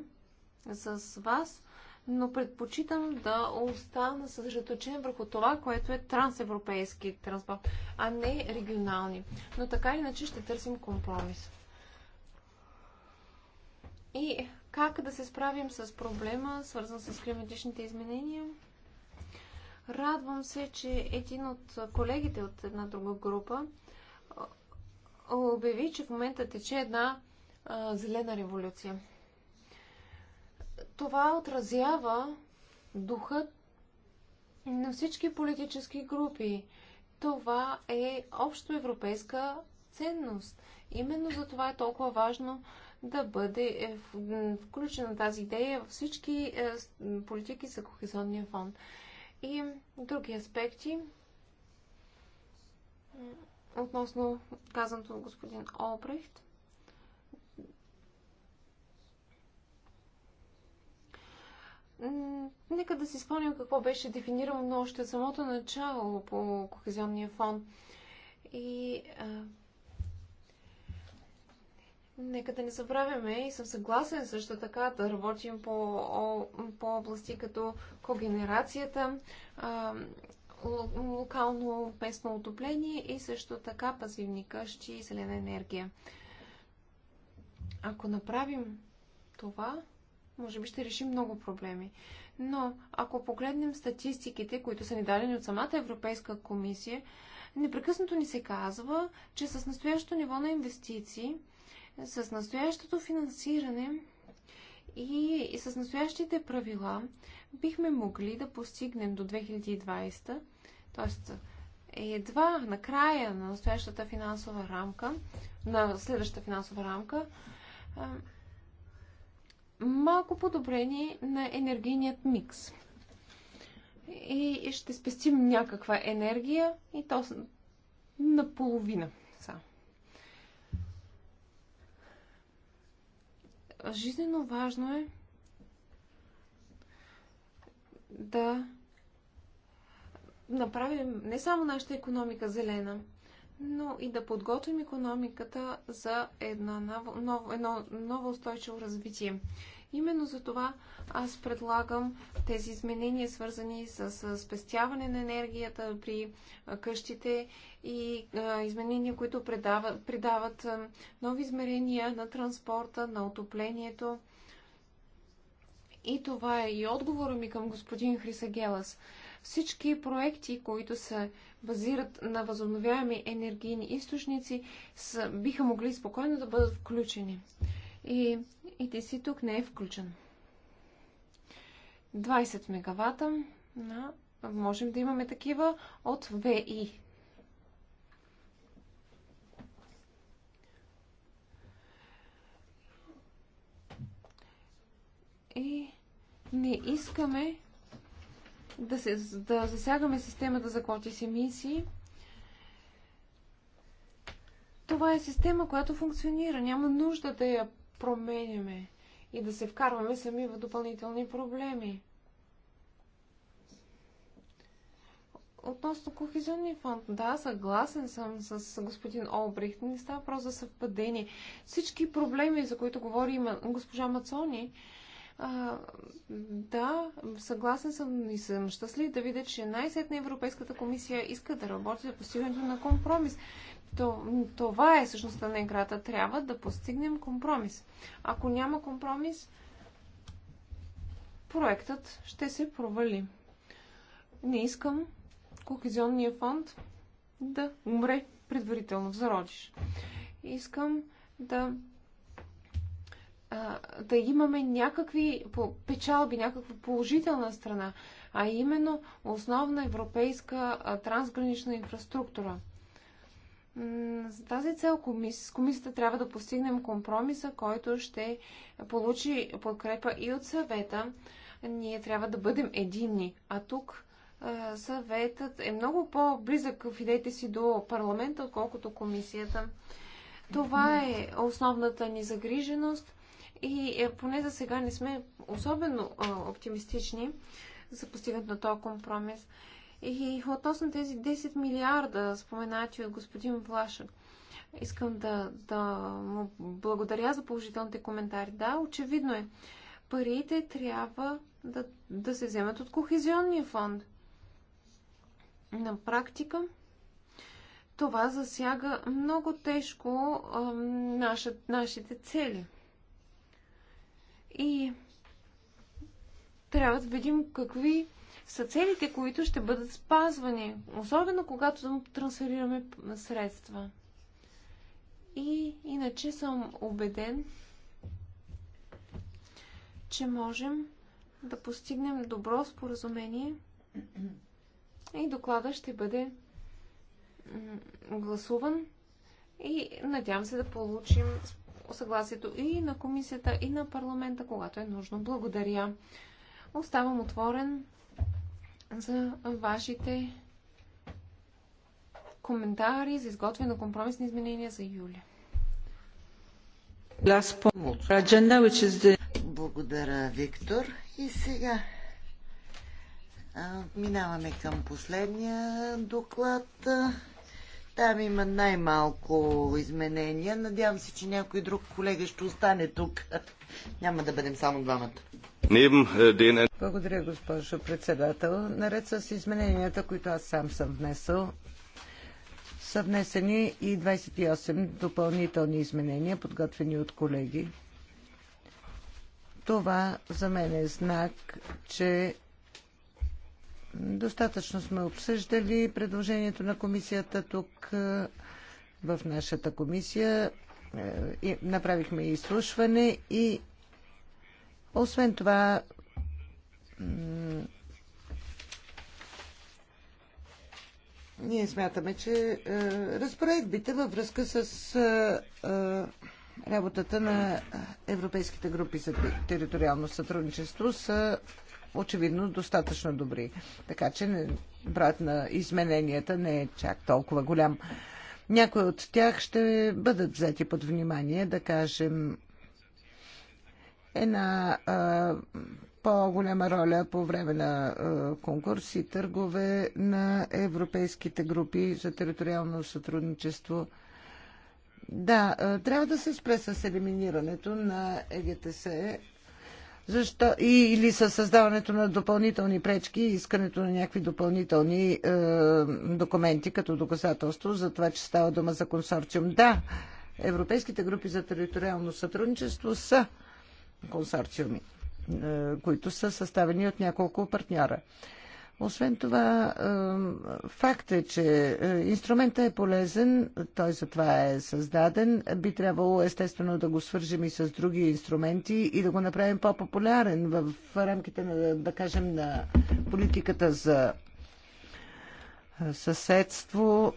с вас но предпочитам да остана съсредоточен върху това, което е трансевропейски транспорт, а не регионални. Но така или иначе ще търсим компромис. И как да се справим с проблема, свързан с климатичните изменения? Радвам се, че един от колегите от една друга група обяви, че в момента тече една а, зелена революция това отразява духът на всички политически групи. Това е общо европейска ценност. Именно за това е толкова важно да бъде е, включена тази идея във всички е, политики за кохезонния фонд. И други аспекти относно казаното от господин Олбрехт. Нека да си спомним какво беше дефинирано още от самото начало по Кохезионния фон. И а, нека да не забравяме и съм съгласен също така да работим по, по области като когенерацията, а, локално местно отопление и също така пасивни къщи и зелена енергия. Ако направим това, може би ще реши много проблеми. Но ако погледнем статистиките, които са ни дадени от самата Европейска комисия, непрекъснато ни се казва, че с настоящото ниво на инвестиции, с настоящото финансиране и, и с настоящите правила бихме могли да постигнем до 2020, т.е. едва на края на настоящата финансова рамка, на следващата финансова рамка, малко подобрение на енергийният микс. И ще спестим някаква енергия и то наполовина са. Жизнено важно е да направим не само нашата економика зелена, но и да подготвим економиката за едно ново, едно ново устойчиво развитие. Именно за това аз предлагам тези изменения, свързани с спестяване на енергията при къщите и изменения, които придават нови измерения на транспорта, на отоплението. И това е и отговора ми към господин Хрисагелас. Всички проекти, които се базират на възобновяеми енергийни източници, са, биха могли спокойно да бъдат включени. И ти си тук не е включен. 20 мегавата на можем да имаме такива от ВИ. И не искаме да, се, да засягаме системата за квоти с емисии. Това е система, която функционира. Няма нужда да я променяме и да се вкарваме сами в допълнителни проблеми. Относно кохезионния фонд, да, съгласен съм с господин Олбрихт. Не става просто за съвпадение. Всички проблеми, за които говори госпожа Мацони, а, да, съгласен съм и съм щастлив да видя, че най-сетна Европейската комисия иска да работи за постигането на компромис. Това е същността на играта. Трябва да постигнем компромис. Ако няма компромис, проектът ще се провали. Не искам Кохезионния фонд да умре предварително в зародиш. Искам да да имаме някакви печалби, някаква положителна страна, а именно основна европейска трансгранична инфраструктура – за тази цел комис... комисията трябва да постигнем компромиса, който ще получи подкрепа и от съвета. Ние трябва да бъдем единни. А тук съветът е много по-близък в идеите си до парламента, отколкото комисията. Това е основната ни загриженост и е, поне за сега не сме особено оптимистични за постигането на този компромис. И относно тези 10 милиарда, споменати от господин Влашък, искам да, да му благодаря за положителните коментари. Да, очевидно е. Парите трябва да, да се вземат от Кохезионния фонд. На практика това засяга много тежко а, наша, нашите цели. И трябва да видим какви са целите, които ще бъдат спазвани, особено когато трансферираме средства. И иначе съм убеден, че можем да постигнем добро споразумение и доклада ще бъде гласуван и надявам се да получим съгласието и на комисията, и на парламента, когато е нужно. Благодаря. Оставам отворен за вашите коментари за изготвяне на компромисни изменения за юли. Благодаря, Виктор. И сега минаваме към последния доклад. Там има най-малко изменения. Надявам се, че някой друг колега ще остане тук. [LAUGHS] Няма да бъдем само двамата. Е, е. Благодаря, госпожо председател. Наред с измененията, които аз сам съм внесъл, са внесени и 28 допълнителни изменения, подготвени от колеги. Това за мен е знак, че Достатъчно сме обсъждали предложението на комисията тук е, в нашата комисия. Е, направихме изслушване и освен това ние смятаме, че е, разпоредбите във връзка с е, работата на европейските групи за териториално сътрудничество са очевидно достатъчно добри. Така че брат на измененията не е чак толкова голям. Някои от тях ще бъдат взети под внимание, да кажем, една а, по-голяма роля по време на а, конкурси, търгове на европейските групи за териториално сътрудничество. Да, а, трябва да се спре с елиминирането на ЕГТС защо? И, или със създаването на допълнителни пречки и искането на някакви допълнителни е, документи като доказателство за това, че става дума за консорциум. Да, европейските групи за териториално сътрудничество са консорциуми, е, които са съставени от няколко партньора. Освен това, е, факт е, че е, инструмента е полезен, той затова е създаден. Би трябвало естествено да го свържим и с други инструменти и да го направим по-популярен в рамките на, да кажем, на политиката за е, съседство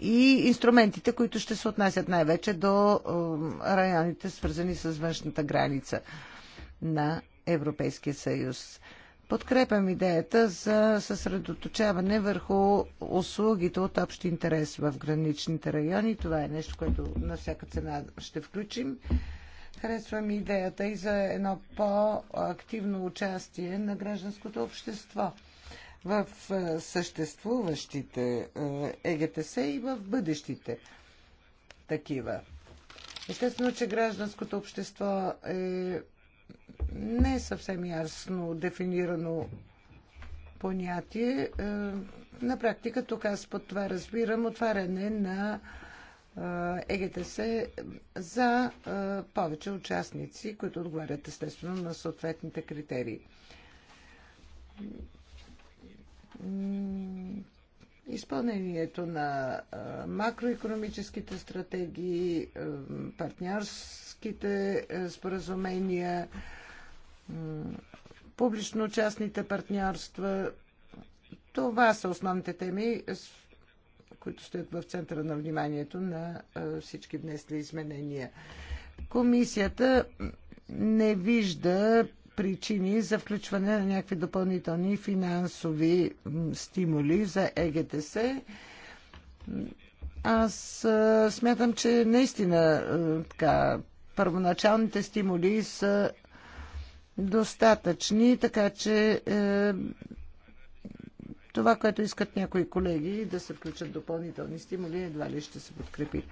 и инструментите, които ще се отнасят най-вече до районите, свързани с външната граница на Европейския съюз. Подкрепям идеята за съсредоточаване върху услугите от общ интерес в граничните райони. Това е нещо, което на всяка цена ще включим. Харесвам идеята и за едно по-активно участие на гражданското общество в е, съществуващите е, ЕГТС и в бъдещите такива. Естествено, че гражданското общество е не е съвсем ясно дефинирано понятие. Е, на практика тук аз под това разбирам отваряне на е, ЕГТС за е, повече участници, които отговарят естествено на съответните критерии. Изпълнението на макроекономическите стратегии, партньорс, търговските е, споразумения, публично-частните партньорства. Това са основните теми, които стоят в центъра на вниманието на е, всички внесли изменения. Комисията не вижда причини за включване на някакви допълнителни финансови стимули за ЕГТС. Аз е, смятам, че наистина така, първоначалните стимули са достатъчни, така че е, това, което искат някои колеги да се включат допълнителни стимули, едва ли ще се подкрепи.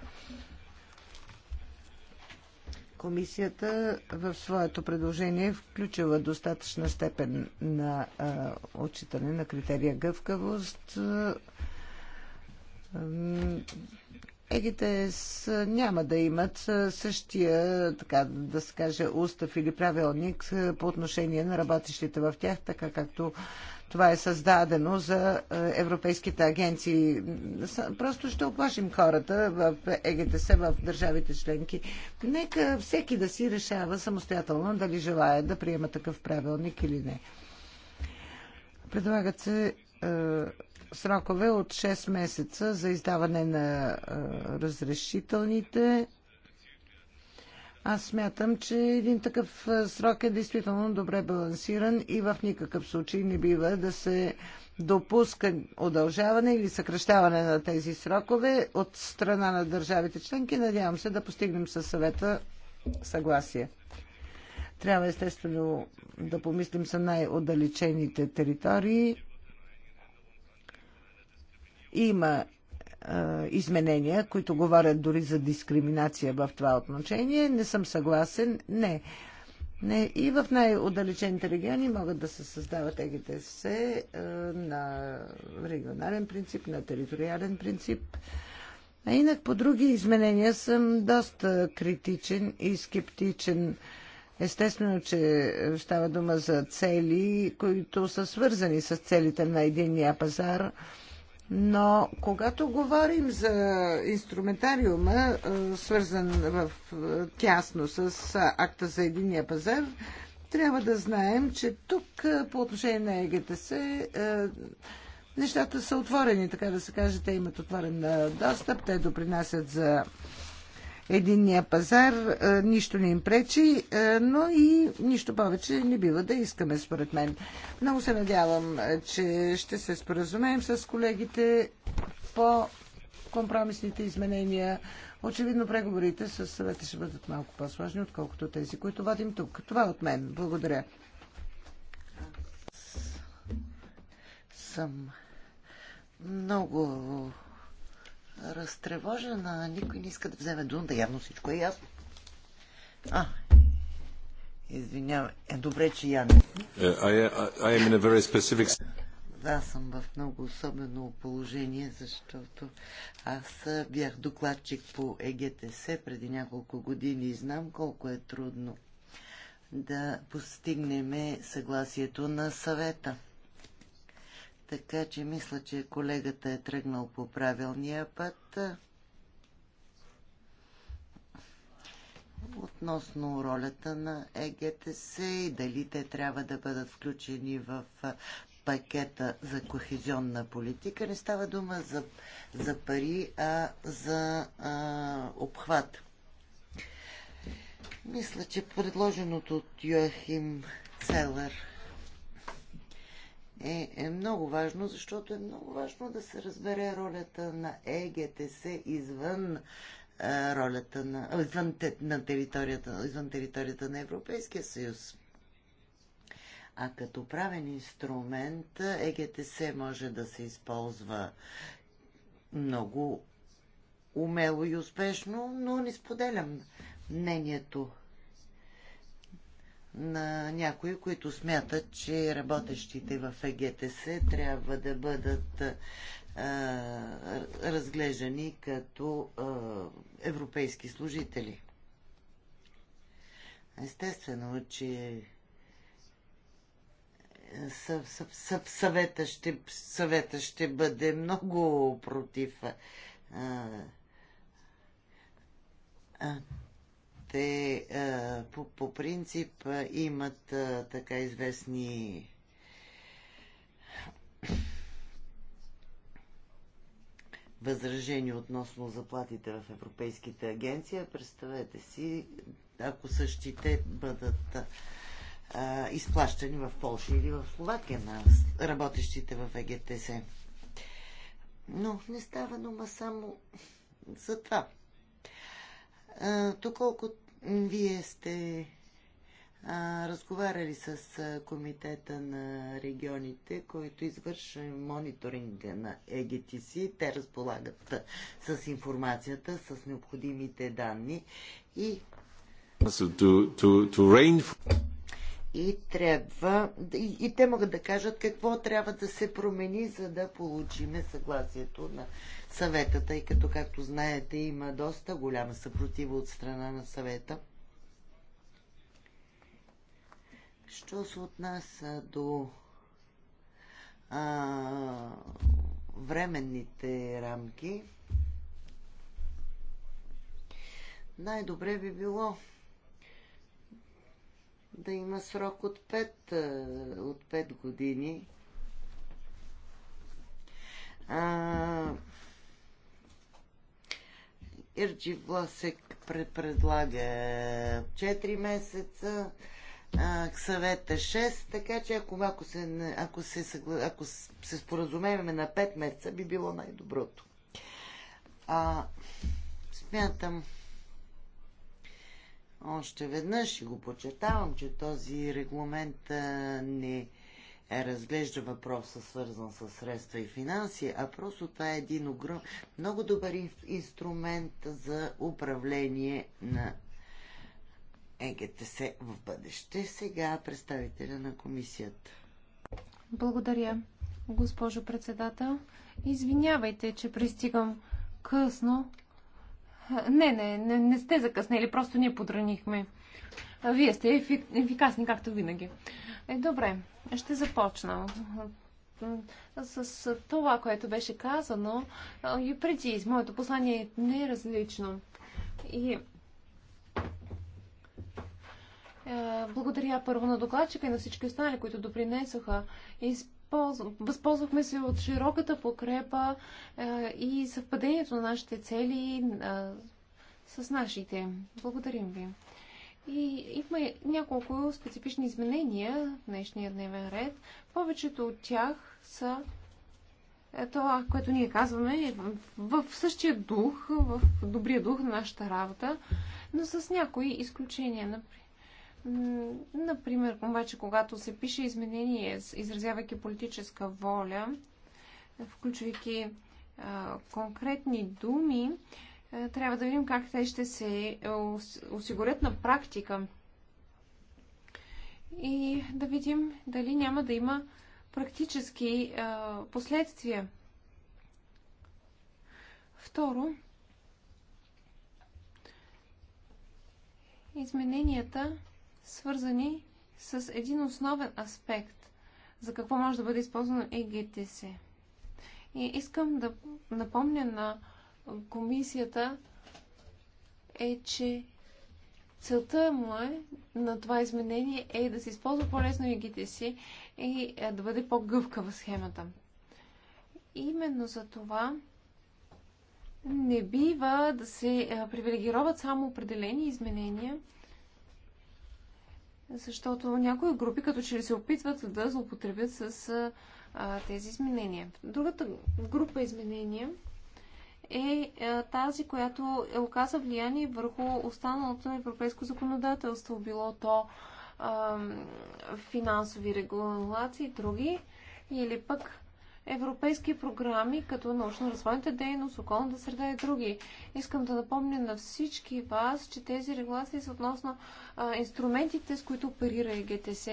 Комисията в своето предложение е включила достатъчна степен на е, отчитане на критерия гъвкавост. Е, ЕГТС няма да имат същия, така да се каже, устав или правилник по отношение на работещите в тях, така както това е създадено за европейските агенции. Просто ще оплашим хората в ЕГТС, в държавите членки. Нека всеки да си решава самостоятелно дали желая да приема такъв правилник или не. Предлагат се срокове от 6 месеца за издаване на разрешителните. Аз смятам, че един такъв срок е действително добре балансиран и в никакъв случай не бива да се допуска удължаване или съкръщаване на тези срокове от страна на държавите членки. Надявам се да постигнем със съвета съгласие. Трябва естествено да помислим за най-отдалечените територии има изменения, които говорят дори за дискриминация в това отношение. Не съм съгласен. Не. Не, и в най-отдалечените региони могат да се създават ЕГТС на регионален принцип, на териториален принцип. А инак по други изменения съм доста критичен и скептичен. Естествено, че става дума за цели, които са свързани с целите на единния пазар. Но когато говорим за инструментариума, е, свързан в е, тясно с е, акта за единия пазар, трябва да знаем, че тук по отношение на ЕГТС нещата са отворени, така да се каже. Те имат отворен достъп, те допринасят за единния пазар, е, нищо не им пречи, е, но и нищо повече не бива да искаме, според мен. Много се надявам, е, че ще се споразумеем с колегите по компромисните изменения. Очевидно преговорите с съвета ще бъдат малко по-сложни, отколкото тези, които водим тук. Това от мен. Благодаря. Съм много разтревожена. Никой не иска да вземе думата. Явно всичко е ясно. А, извинявай. Е, добре, че я не. I, е, specific... Аз съм в много особено положение, защото аз бях докладчик по ЕГТС преди няколко години и знам колко е трудно да постигнем съгласието на съвета. Така че мисля, че колегата е тръгнал по правилния път. Относно ролята на ЕГТС и дали те трябва да бъдат включени в пакета за кохезионна политика, не става дума за, за пари, а за а, обхват. Мисля, че предложеното от Йоахим Целър е, е много важно, защото е много важно да се разбере ролята на ЕГТС извън е, ролята на, извън, на територията, извън територията на Европейския съюз. А като правен инструмент ЕГТС може да се използва много умело и успешно, но не споделям мнението на някои, които смятат, че работещите в ЕГТС трябва да бъдат а, разглеждани като а, европейски служители. Естествено, че съв, съв, съв, съвета, ще, съвета ще бъде много против а, а, те е, по, по принцип е, имат е, така известни възражения относно заплатите в европейските агенции. Представете си, ако същите бъдат а, изплащани в Польша или в Словакия на работещите в ЕГТС. Но не става дума само за това. Доколкото вие сте а, разговаряли с Комитета на регионите, който извърши мониторинга на ЕГТС. Те разполагат с информацията, с необходимите данни и to, to, to rain... и трябва и, и те могат да кажат какво трябва да се промени, за да получиме съгласието на съвета, тъй като, както знаете, има доста голяма съпротива от страна на съвета. Що се отнася до а, временните рамки, най-добре би било да има срок от 5, от 5 години. А, Ирджи Власек предлага 4 месеца, съвета 6, така че ако, ако, се, ако, се, ако се споразумеме на 5 месеца, би било най-доброто. А, смятам още веднъж и го почетавам, че този регламент не разглежда въпроса, свързан с средства и финанси, а просто това е един огром, много добър инструмент за управление на ЕГТС в бъдеще. Сега представителя на комисията. Благодаря, госпожо председател. Извинявайте, че пристигам късно. Не, не, не, не сте закъснели, просто ние подранихме. Вие сте ефикасни, както винаги. Е, добре, ще започна с това, което беше казано и преди. Моето послание не е различно. И е, благодаря първо на докладчика и на всички останали, които допринесоха. Възползвахме се от широката покрепа и съвпадението на нашите цели с нашите. Благодарим ви. И има няколко специфични изменения в днешния дневен ред. Повечето от тях са е, това, което ние казваме, е в същия дух, в добрия дух на нашата работа, но с някои изключения. Например, обаче, когато се пише изменение, изразявайки политическа воля, включвайки конкретни думи, е, трябва да видим как те ще се е, осигурят на практика. И да видим дали няма да има практически е, последствия. Второ, измененията, свързани с един основен аспект, за какво може да бъде използвано ЕГТС. И искам да напомня на комисията е, че целта му е на това изменение е да се използва по-лесно игите си и е, да бъде по-гъвкава схемата. Именно за това не бива да се е, привилегироват само определени изменения, защото някои групи като че ли се опитват да злоупотребят с е, а, тези изменения. Другата група изменения – е, е тази, която е оказа влияние върху останалото европейско законодателство, било то финансови регулации и други, или пък европейски програми, като научно-развойната дейност, околната среда и други. Искам да напомня на всички вас, че тези регулации са относно а, инструментите, с които оперира ЕГТС.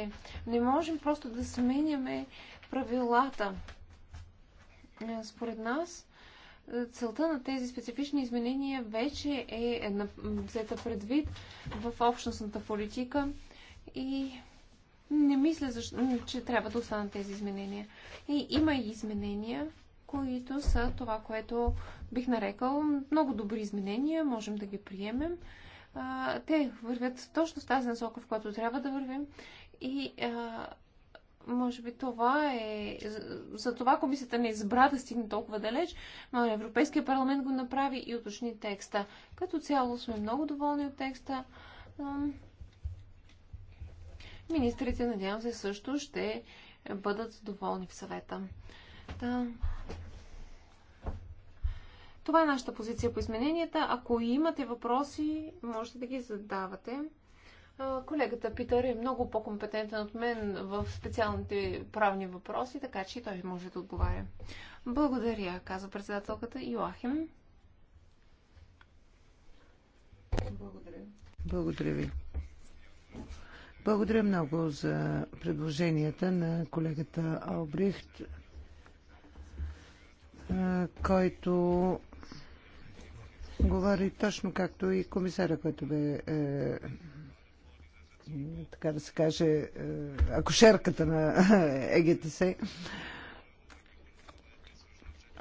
Не можем просто да сменяме правилата. Според нас, целта на тези специфични изменения вече е взета предвид в общностната политика и не мисля, защо, че трябва да останат тези изменения. И има и изменения, които са това, което бих нарекал много добри изменения, можем да ги приемем. те вървят точно с тази насока, в която трябва да вървим. И а, може би това е... За това комисията не избра да стигне толкова далеч, но Европейския парламент го направи и уточни текста. Като цяло сме много доволни от текста. Министрите, надявам се, също ще бъдат доволни в съвета. Да. Това е нашата позиция по измененията. Ако имате въпроси, можете да ги задавате. Колегата Питър е много по-компетентен от мен в специалните правни въпроси, така че той може да отговаря. Благодаря, казва председателката Йоахим. Благодаря. Благодаря ви. Благодаря много за предложенията на колегата Албрихт, който говори точно както и комисара, който бе е, така да се каже, е, акушерката на [LAUGHS] ЕГТС.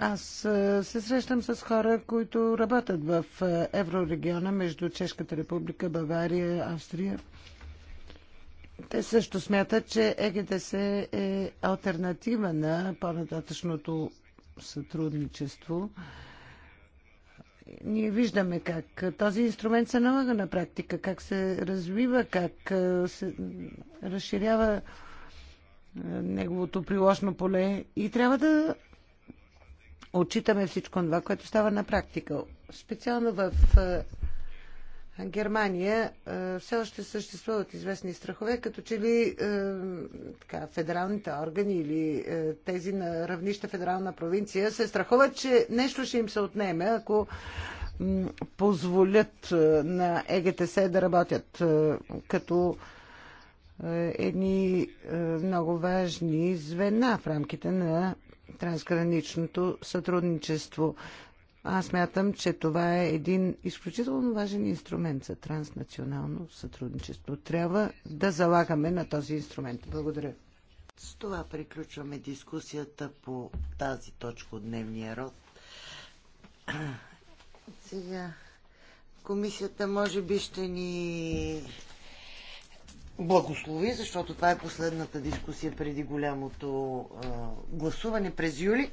Аз е, се срещам с хора, които работят в е, еврорегиона между Чешката република, Бавария, Австрия. Те също смятат, че ЕГДС е альтернатива на по-нататъчното сътрудничество ние виждаме как този инструмент се налага на практика, как се развива, как се разширява неговото приложно поле и трябва да отчитаме всичко това, което става на практика. Специално в Германия все още съществуват известни страхове, като че ли така, федералните органи или тези на равнища федерална провинция се страхуват, че нещо ще им се отнеме, ако позволят на ЕГТС да работят като едни много важни звена в рамките на трансграничното сътрудничество. Аз мятам, че това е един изключително важен инструмент за транснационално сътрудничество. Трябва да залагаме на този инструмент. Благодаря. С това приключваме дискусията по тази точка от дневния род. [CLEARS THROAT] Сега комисията може би ще ни благослови, защото това е последната дискусия преди голямото а, гласуване през юли.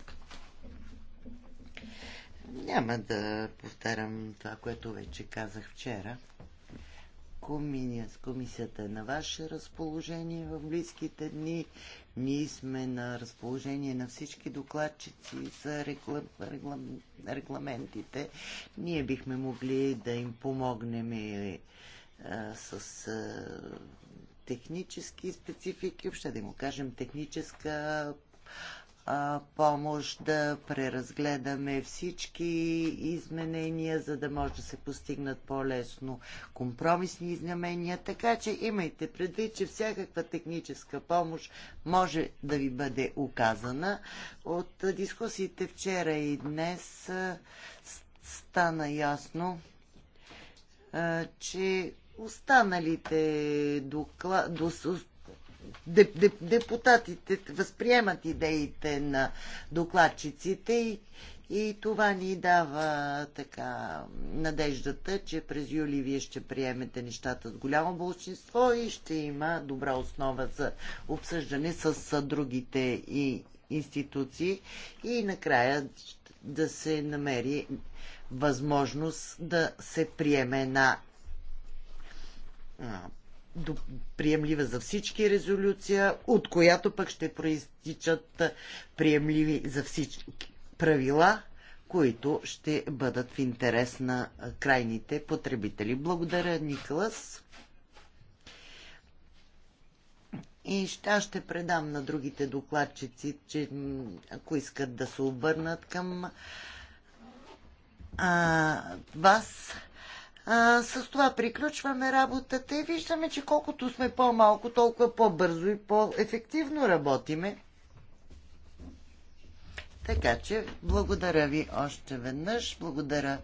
Няма да повтарям това, което вече казах вчера. Комисията е на ваше разположение в близките дни. Ние сме на разположение на всички докладчици за реглам, реглам, регламентите. Ние бихме могли да им помогнем и, а, е, с а, е, технически специфики, въобще да му кажем техническа помощ да преразгледаме всички изменения, за да може да се постигнат по-лесно компромисни изменения. Така че имайте предвид, че всякаква техническа помощ може да ви бъде оказана. От дискусиите вчера и днес стана ясно, че останалите доклад, депутатите възприемат идеите на докладчиците и, и това ни дава така надеждата, че през юли вие ще приемете нещата с голямо болшинство, и ще има добра основа за обсъждане с другите и институции и накрая да се намери възможност да се приеме на приемлива за всички резолюция, от която пък ще проистичат приемливи за всички правила, които ще бъдат в интерес на крайните потребители. Благодаря, Николас. И аз ще предам на другите докладчици, че ако искат да се обърнат към а, вас, а, с това приключваме работата и виждаме, че колкото сме по-малко, толкова по-бързо и по-ефективно работиме. Така че, благодаря ви още веднъж, благодаря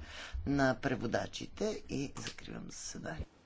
на преводачите и закривам заседанието.